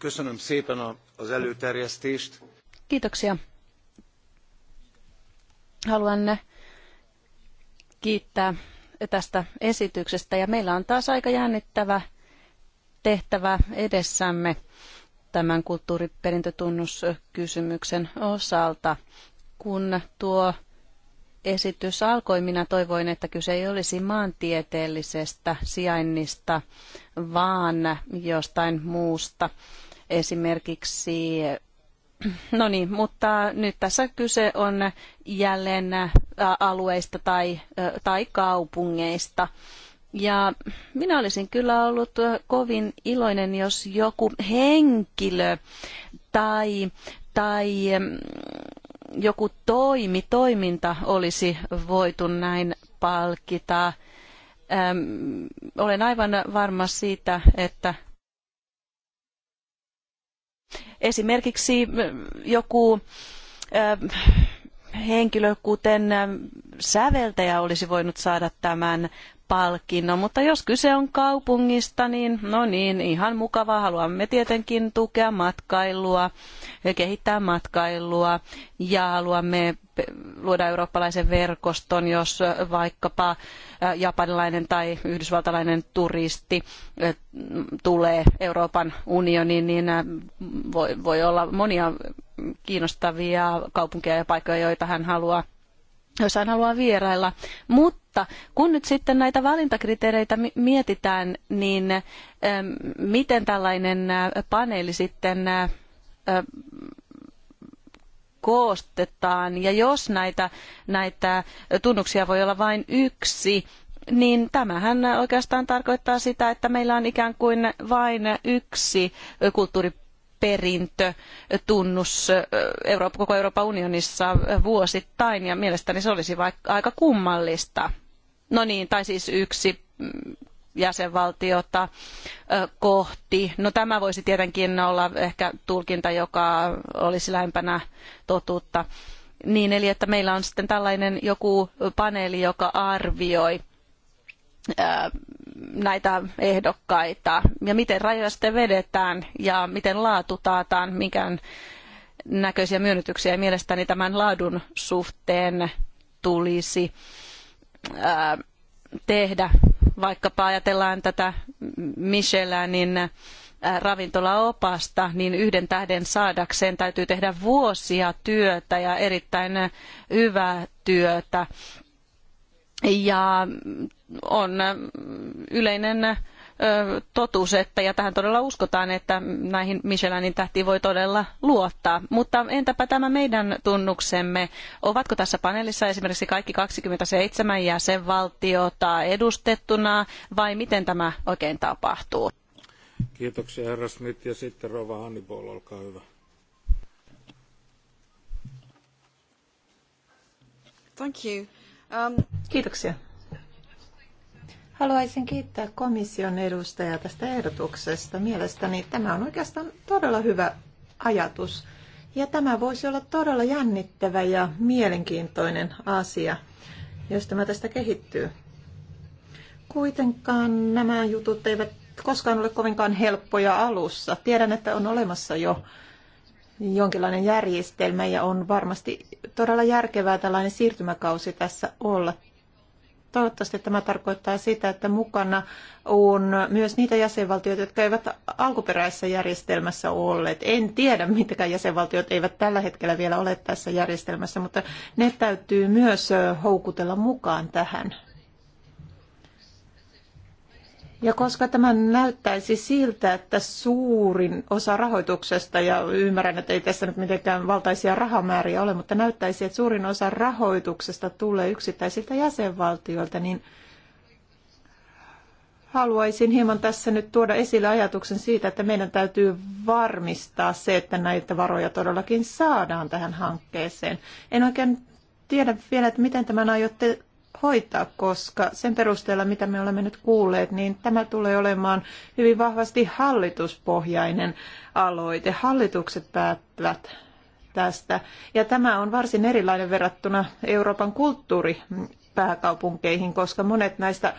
Köszönöm szépen az előterjesztést. Kiitoksia. Haluan kiittää tästä esityksestä ja meillä on taas aika jännittävä tehtävä edessämme tämän kulttuuriperintötunnuskysymyksen osalta kun tuo esitys alkoi, minä toivoin, että kyse ei olisi maantieteellisestä sijainnista, vaan jostain muusta. Esimerkiksi, no niin, mutta nyt tässä kyse on jälleen alueista tai, tai kaupungeista. Ja minä olisin kyllä ollut kovin iloinen, jos joku henkilö tai, tai joku toimi, toiminta olisi voitu näin palkita. olen aivan varma siitä, että esimerkiksi joku henkilö, kuten ähm, säveltäjä, olisi voinut saada tämän palkinnon, mutta jos kyse on kaupungista, niin no niin, ihan mukavaa. Haluamme tietenkin tukea matkailua, kehittää matkailua ja haluamme luoda eurooppalaisen verkoston, jos vaikkapa japanilainen tai yhdysvaltalainen turisti tulee Euroopan unioniin, niin voi, voi olla monia kiinnostavia kaupunkeja ja paikkoja, joita hän haluaa jos hän haluaa vierailla. Mutta kun nyt sitten näitä valintakriteereitä mietitään, niin miten tällainen paneeli sitten koostetaan. Ja jos näitä, näitä tunnuksia voi olla vain yksi, niin tämähän oikeastaan tarkoittaa sitä, että meillä on ikään kuin vain yksi kulttuuriperintötunnus Euroopan koko Euroopan unionissa vuosittain, ja mielestäni se olisi vaikka aika kummallista. No niin, tai siis yksi jäsenvaltiota kohti. No tämä voisi tietenkin olla ehkä tulkinta, joka olisi lähempänä totuutta. Niin, eli että meillä on sitten tällainen joku paneeli, joka arvioi näitä ehdokkaita ja miten rajoja sitten vedetään ja miten laatu taataan, minkään näköisiä myönnytyksiä. Mielestäni tämän laadun suhteen tulisi tehdä vaikkapa ajatellaan tätä Michelinin niin, äh, ravintolaopasta, niin yhden tähden saadakseen täytyy tehdä vuosia työtä ja erittäin äh, hyvää työtä. Ja mm, on äh, yleinen totuus, että, ja tähän todella uskotaan, että näihin Michelinin tähtiin voi todella luottaa. Mutta entäpä tämä meidän tunnuksemme? Ovatko tässä paneelissa esimerkiksi kaikki 27 jäsenvaltiota edustettuna, vai miten tämä oikein tapahtuu? Kiitoksia herra Smith ja sitten Rova Hannibal, olkaa hyvä. Thank you. Um... Kiitoksia. Haluaisin kiittää komission edustajaa tästä ehdotuksesta. Mielestäni tämä on oikeastaan todella hyvä ajatus. Ja tämä voisi olla todella jännittävä ja mielenkiintoinen asia, jos tämä tästä kehittyy. Kuitenkaan nämä jutut eivät koskaan ole kovinkaan helppoja alussa. Tiedän, että on olemassa jo jonkinlainen järjestelmä ja on varmasti todella järkevää tällainen siirtymäkausi tässä olla Toivottavasti tämä tarkoittaa sitä, että mukana on myös niitä jäsenvaltioita, jotka eivät alkuperäisessä järjestelmässä olleet. En tiedä, mitkä jäsenvaltiot eivät tällä hetkellä vielä ole tässä järjestelmässä, mutta ne täytyy myös houkutella mukaan tähän. Ja koska tämä näyttäisi siltä, että suurin osa rahoituksesta, ja ymmärrän, että ei tässä nyt mitenkään valtaisia rahamääriä ole, mutta näyttäisi, että suurin osa rahoituksesta tulee yksittäisiltä jäsenvaltioilta, niin haluaisin hieman tässä nyt tuoda esille ajatuksen siitä, että meidän täytyy varmistaa se, että näitä varoja todellakin saadaan tähän hankkeeseen. En oikein tiedä vielä, että miten tämän aiotte hoitaa, koska sen perusteella, mitä me olemme nyt kuulleet, niin tämä tulee olemaan hyvin vahvasti hallituspohjainen aloite. Hallitukset päättävät tästä. Ja tämä on varsin erilainen verrattuna Euroopan kulttuuripääkaupunkeihin, koska monet näistä,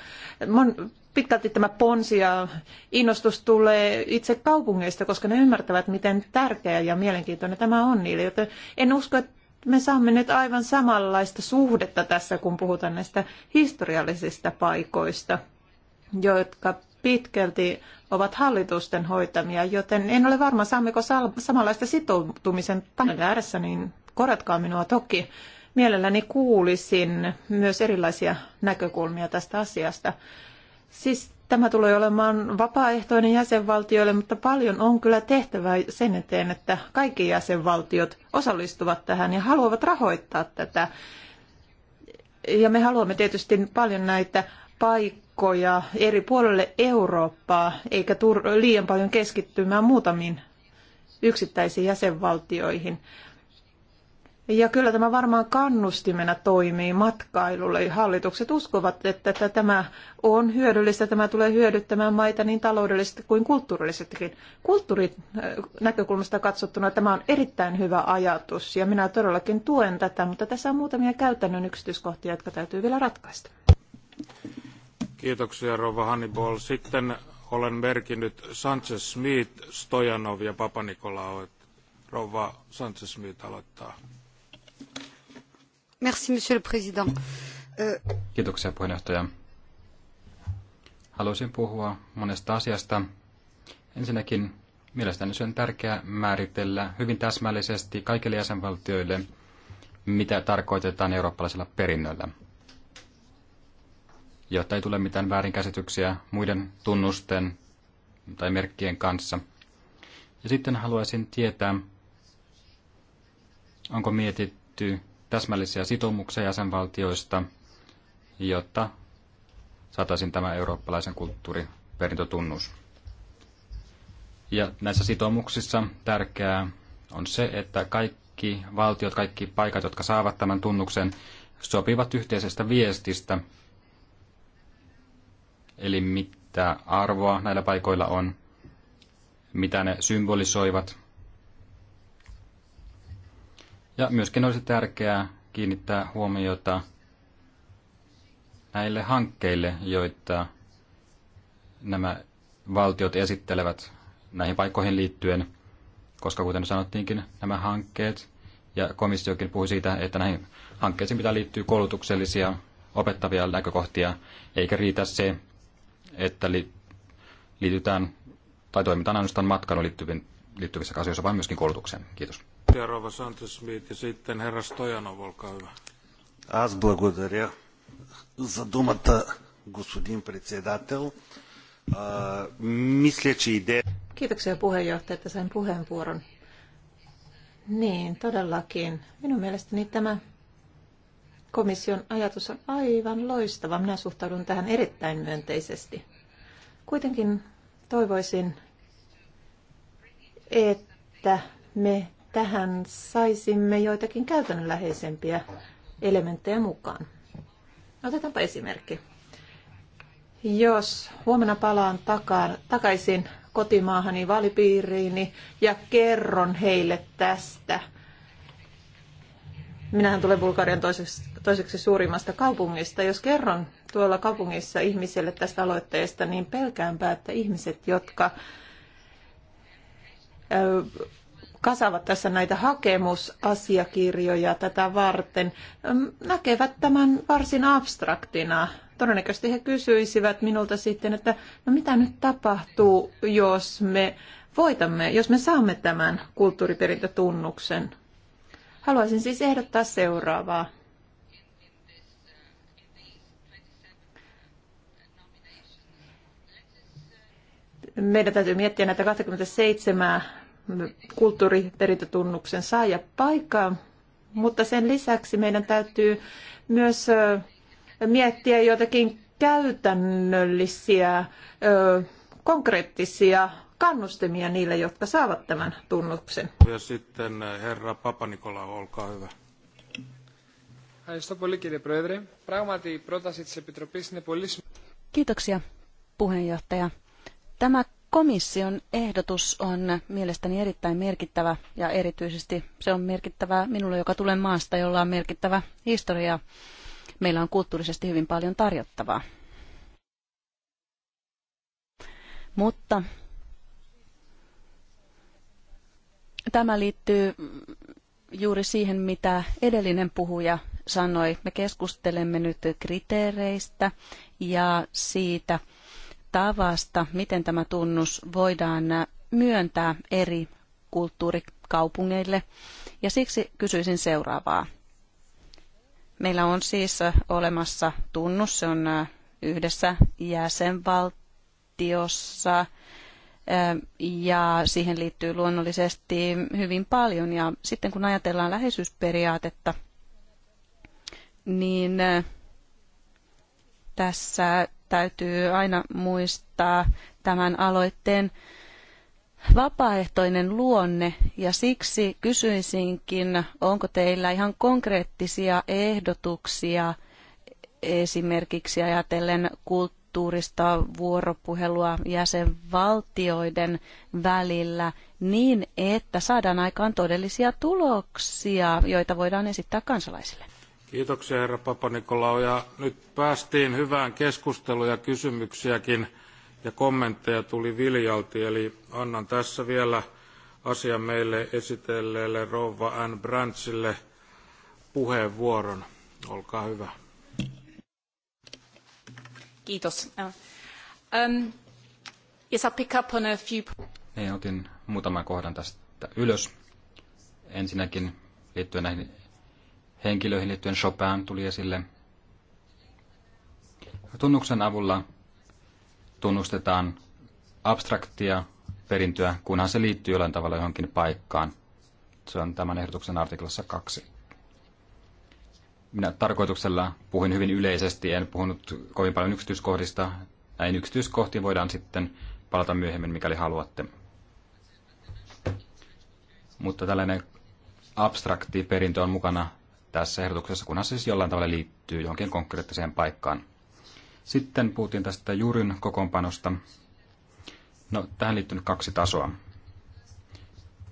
mon, pitkälti tämä ponsi ja innostus tulee itse kaupungeista, koska ne ymmärtävät, miten tärkeä ja mielenkiintoinen tämä on niille. Joten en usko, että me saamme nyt aivan samanlaista suhdetta tässä, kun puhutaan näistä historiallisista paikoista, jotka pitkälti ovat hallitusten hoitamia, joten en ole varma, saammeko samanlaista sitoutumisen ääressä, niin korjatkaa minua toki. Mielelläni kuulisin myös erilaisia näkökulmia tästä asiasta. Siis tämä tulee olemaan vapaaehtoinen jäsenvaltioille, mutta paljon on kyllä tehtävää sen eteen, että kaikki jäsenvaltiot osallistuvat tähän ja haluavat rahoittaa tätä. Ja me haluamme tietysti paljon näitä paikkoja eri puolille Eurooppaa, eikä liian paljon keskittymään muutamiin yksittäisiin jäsenvaltioihin. Ja kyllä tämä varmaan kannustimena toimii matkailulle. Hallitukset uskovat, että tämä on hyödyllistä, tämä tulee hyödyttämään maita niin taloudellisesti kuin kulttuurillisestikin. Kulttuurin äh, näkökulmasta katsottuna tämä on erittäin hyvä ajatus ja minä todellakin tuen tätä, mutta tässä on muutamia käytännön yksityiskohtia, jotka täytyy vielä ratkaista. Kiitoksia Rova Hannibal. Sitten olen merkinnyt Sanchez Smith, Stojanov ja Papanikolaou. Rova Sanchez Smith aloittaa monsieur le président. Euh, Kiitoksia puheenjohtaja. Haluaisin puhua monesta asiasta. Ensinnäkin mielestäni se on tärkeää määritellä hyvin täsmällisesti kaikille jäsenvaltioille, mitä tarkoitetaan eurooppalaisella perinnöllä, jotta ei tule mitään väärinkäsityksiä muiden tunnusten tai merkkien kanssa. Ja sitten haluaisin tietää, onko mietitty, liittyy täsmällisiä sitoumuksia jäsenvaltioista, jotta saataisiin tämä eurooppalaisen kulttuuriperintötunnus. Ja näissä sitoumuksissa tärkeää on se, että kaikki valtiot, kaikki paikat, jotka saavat tämän tunnuksen, sopivat yhteisestä viestistä, eli mitä arvoa näillä paikoilla on, mitä ne symbolisoivat – ja myöskin olisi tärkeää kiinnittää huomiota näille hankkeille, joita nämä valtiot esittelevät näihin paikkoihin liittyen, koska kuten sanottiinkin, nämä hankkeet, ja komissiokin puhui siitä, että näihin hankkeisiin pitää liittyä koulutuksellisia opettavia näkökohtia, eikä riitä se, että liitytään tai toimitaan ainoastaan matkailuun liittyvissä asioissa, vaan myöskin koulutukseen. Kiitos minuuttia rouva Santos-Smith ja sitten herra Stojanov, olkaa hyvä. Аз благодаря за думата, господин председател. Мисля, че идея... Kiitoksia puheenjohtaja, että sain puheenvuoron. Niin, todellakin. Minun mielestäni tämä komission ajatus on aivan loistava. Minä suhtaudun tähän erittäin myönteisesti. Kuitenkin toivoisin, että me tähän saisimme joitakin käytännönläheisempiä elementtejä mukaan. Otetaanpa esimerkki. Jos huomenna palaan takaan, takaisin kotimaahani vaalipiiriini ja kerron heille tästä. Minähän tulen Bulgarian toiseksi, toiseksi suurimmasta kaupungista. Jos kerron tuolla kaupungissa ihmisille tästä aloitteesta, niin pelkäänpä, että ihmiset, jotka kasaavat tässä näitä hakemusasiakirjoja tätä varten, näkevät tämän varsin abstraktina. Todennäköisesti he kysyisivät minulta sitten, että no mitä nyt tapahtuu, jos me voitamme, jos me saamme tämän kulttuuriperintötunnuksen. Haluaisin siis ehdottaa seuraavaa. Meidän täytyy miettiä näitä 27 kulttuuriperintötunnuksen saaja paikka, mutta sen lisäksi meidän täytyy myös miettiä jotakin käytännöllisiä, konkreettisia kannustimia niille, jotka saavat tämän tunnuksen. Ja sitten herra Papanikola, olkaa hyvä. Kiitoksia puheenjohtaja. Tämä Komission ehdotus on mielestäni erittäin merkittävä ja erityisesti se on merkittävä minulle, joka tulee maasta, jolla on merkittävä historia. Meillä on kulttuurisesti hyvin paljon tarjottavaa. Mutta tämä liittyy juuri siihen, mitä edellinen puhuja sanoi. Me keskustelemme nyt kriteereistä ja siitä, tavasta, miten tämä tunnus voidaan myöntää eri kulttuurikaupungeille. Ja siksi kysyisin seuraavaa. Meillä on siis olemassa tunnus, se on yhdessä jäsenvaltiossa ja siihen liittyy luonnollisesti hyvin paljon. Ja sitten kun ajatellaan läheisyysperiaatetta, niin tässä täytyy aina muistaa tämän aloitteen vapaaehtoinen luonne ja siksi kysyisinkin, onko teillä ihan konkreettisia ehdotuksia esimerkiksi ajatellen kulttuurista vuoropuhelua jäsenvaltioiden välillä niin, että saadaan aikaan todellisia tuloksia, joita voidaan esittää kansalaisille. Kiitoksia herra Papanikolaou. Ja nyt päästiin hyvään keskusteluun ja kysymyksiäkin ja kommentteja tuli viljalti. Eli annan tässä vielä asian meille esitelleelle Rouva N. Brantsille puheenvuoron. Olkaa hyvä. Kiitos. Um, yes, I pick up on a few... Niin, otin muutaman kohdan tästä ylös. Ensinnäkin liittyen näihin henkilöihin liittyen Chopin tuli esille. Tunnuksen avulla tunnustetaan abstraktia perintöä, kunhan se liittyy jollain tavalla johonkin paikkaan. Se on tämän ehdotuksen artiklassa kaksi. Minä tarkoituksella puhuin hyvin yleisesti, en puhunut kovin paljon yksityiskohdista. Näin yksityiskohtiin voidaan sitten palata myöhemmin, mikäli haluatte. Mutta tällainen abstrakti perintö on mukana tässä ehdotuksessa, kunhan se siis jollain tavalla liittyy johonkin konkreettiseen paikkaan. Sitten puhuttiin tästä jurin kokoonpanosta. No, tähän liittyy nyt kaksi tasoa.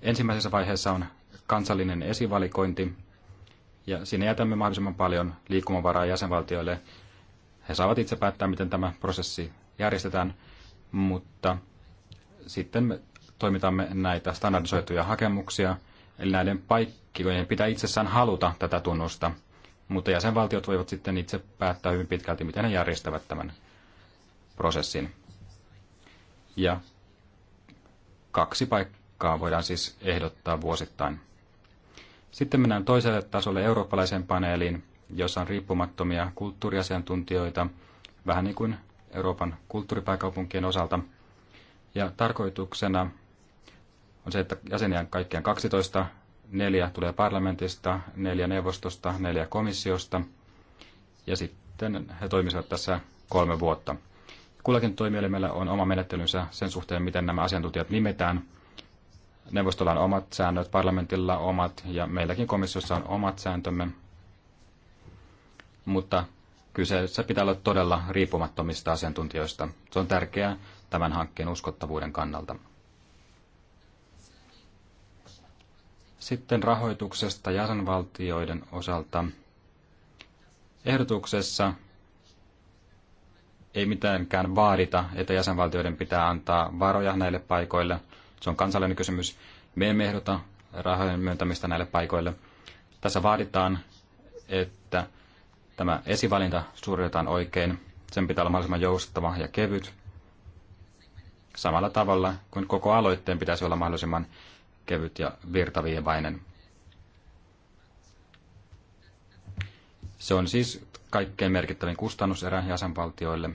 Ensimmäisessä vaiheessa on kansallinen esivalikointi, ja siinä jätämme mahdollisimman paljon liikkumavaraa jäsenvaltioille. He saavat itse päättää, miten tämä prosessi järjestetään, mutta sitten me toimitamme näitä standardisoituja hakemuksia – Eli näiden paikkojen pitää itsessään haluta tätä tunnusta, mutta jäsenvaltiot voivat sitten itse päättää hyvin pitkälti, miten ne järjestävät tämän prosessin. Ja kaksi paikkaa voidaan siis ehdottaa vuosittain. Sitten mennään toiselle tasolle eurooppalaiseen paneeliin, jossa on riippumattomia kulttuuriasiantuntijoita, vähän niin kuin Euroopan kulttuuripääkaupunkien osalta. Ja tarkoituksena on se, että jäseniä on kaikkiaan 12, neljä tulee parlamentista, neljä neuvostosta, neljä komissiosta, ja sitten he toimisivat tässä kolme vuotta. Kullakin toimielimellä on oma menettelynsä sen suhteen, miten nämä asiantuntijat nimetään. Neuvostolla on omat säännöt, parlamentilla omat, ja meilläkin komissiossa on omat sääntömme. Mutta kyseessä pitää olla todella riippumattomista asiantuntijoista. Se on tärkeää tämän hankkeen uskottavuuden kannalta. Sitten rahoituksesta jäsenvaltioiden osalta. Ehdotuksessa ei mitenkään vaadita, että jäsenvaltioiden pitää antaa varoja näille paikoille. Se on kansallinen kysymys. Me emme ehdota rahojen myöntämistä näille paikoille. Tässä vaaditaan, että tämä esivalinta suoritetaan oikein. Sen pitää olla mahdollisimman joustava ja kevyt. Samalla tavalla kuin koko aloitteen pitäisi olla mahdollisimman kevyt ja virtaviivainen. Se on siis kaikkein merkittävin kustannuserä jäsenvaltioille.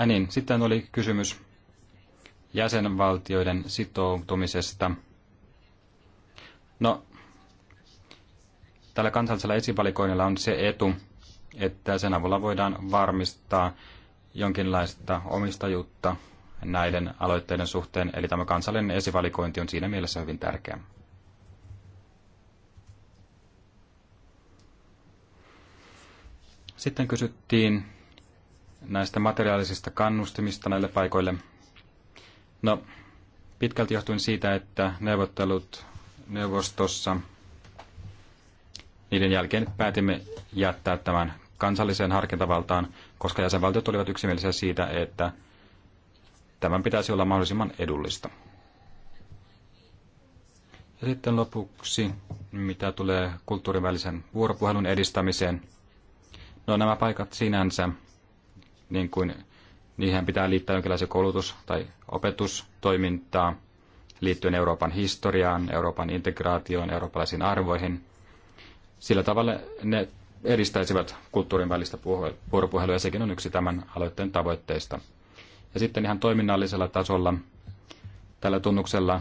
Äh niin, sitten oli kysymys jäsenvaltioiden sitoutumisesta. No, Tällä kansallisella esivalikoinnilla on se etu, että sen avulla voidaan varmistaa jonkinlaista omistajuutta näiden aloitteiden suhteen, eli tämä kansallinen esivalikointi on siinä mielessä hyvin tärkeä. Sitten kysyttiin näistä materiaalisista kannustimista näille paikoille. No, pitkälti johtuen siitä, että neuvottelut neuvostossa – niiden jälkeen päätimme jättää tämän kansalliseen harkintavaltaan, koska jäsenvaltiot olivat yksimielisiä siitä, että tämän pitäisi olla mahdollisimman edullista. Ja sitten lopuksi, mitä tulee kulttuurivälisen vuoropuhelun edistämiseen. No nämä paikat sinänsä, niin kuin niihin pitää liittää jonkinlaisia koulutus- tai opetustoimintaa liittyen Euroopan historiaan, Euroopan integraatioon, eurooppalaisiin arvoihin – sillä tavalla ne edistäisivät kulttuurin välistä vuoropuhelua ja sekin on yksi tämän aloitteen tavoitteista. Ja sitten ihan toiminnallisella tasolla tällä tunnuksella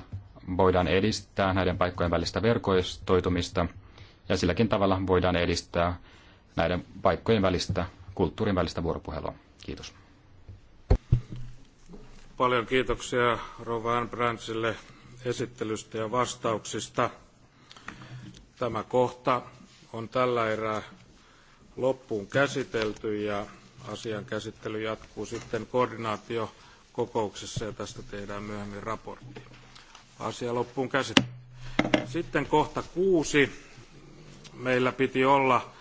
voidaan edistää näiden paikkojen välistä verkoistoitumista ja silläkin tavalla voidaan edistää näiden paikkojen välistä kulttuurin välistä vuoropuhelua. Kiitos. Paljon kiitoksia Rovan Brandsille esittelystä ja vastauksista. Tämä kohta on tällä erää loppuun käsitelty ja asian käsittely jatkuu sitten koordinaatiokokouksessa ja tästä tehdään myöhemmin raportti. Asia loppuun käsitelty. Sitten kohta kuusi. Meillä piti olla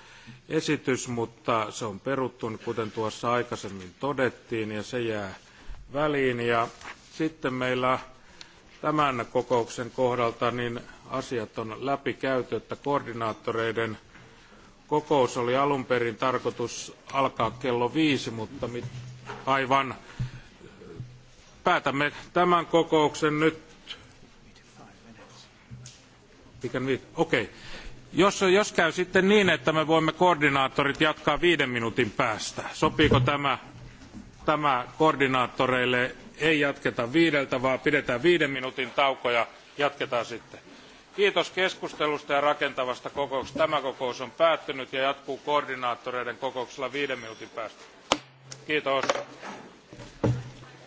esitys, mutta se on peruttu, kuten tuossa aikaisemmin todettiin, ja se jää väliin. Ja sitten meillä tämän kokouksen kohdalta niin asiat on läpikäyty, että koordinaattoreiden kokous oli alun perin tarkoitus alkaa kello viisi, mutta mit, aivan päätämme tämän kokouksen nyt. Okei. Okay. Jos, jos käy sitten niin, että me voimme koordinaattorit jatkaa viiden minuutin päästä, sopiiko tämä, tämä koordinaattoreille? Ei jatketa viideltä, vaan pidetään viiden minuutin tauko ja jatketaan sitten kiitos keskustelusta ja rakentavasta kokouksesta. tämä kokous on päättynyt ja jatkuu koordinaattoreiden kokouksella viiden minuutin päästä. kiitos.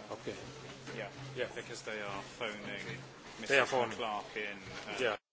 Okay. Yeah. Yeah.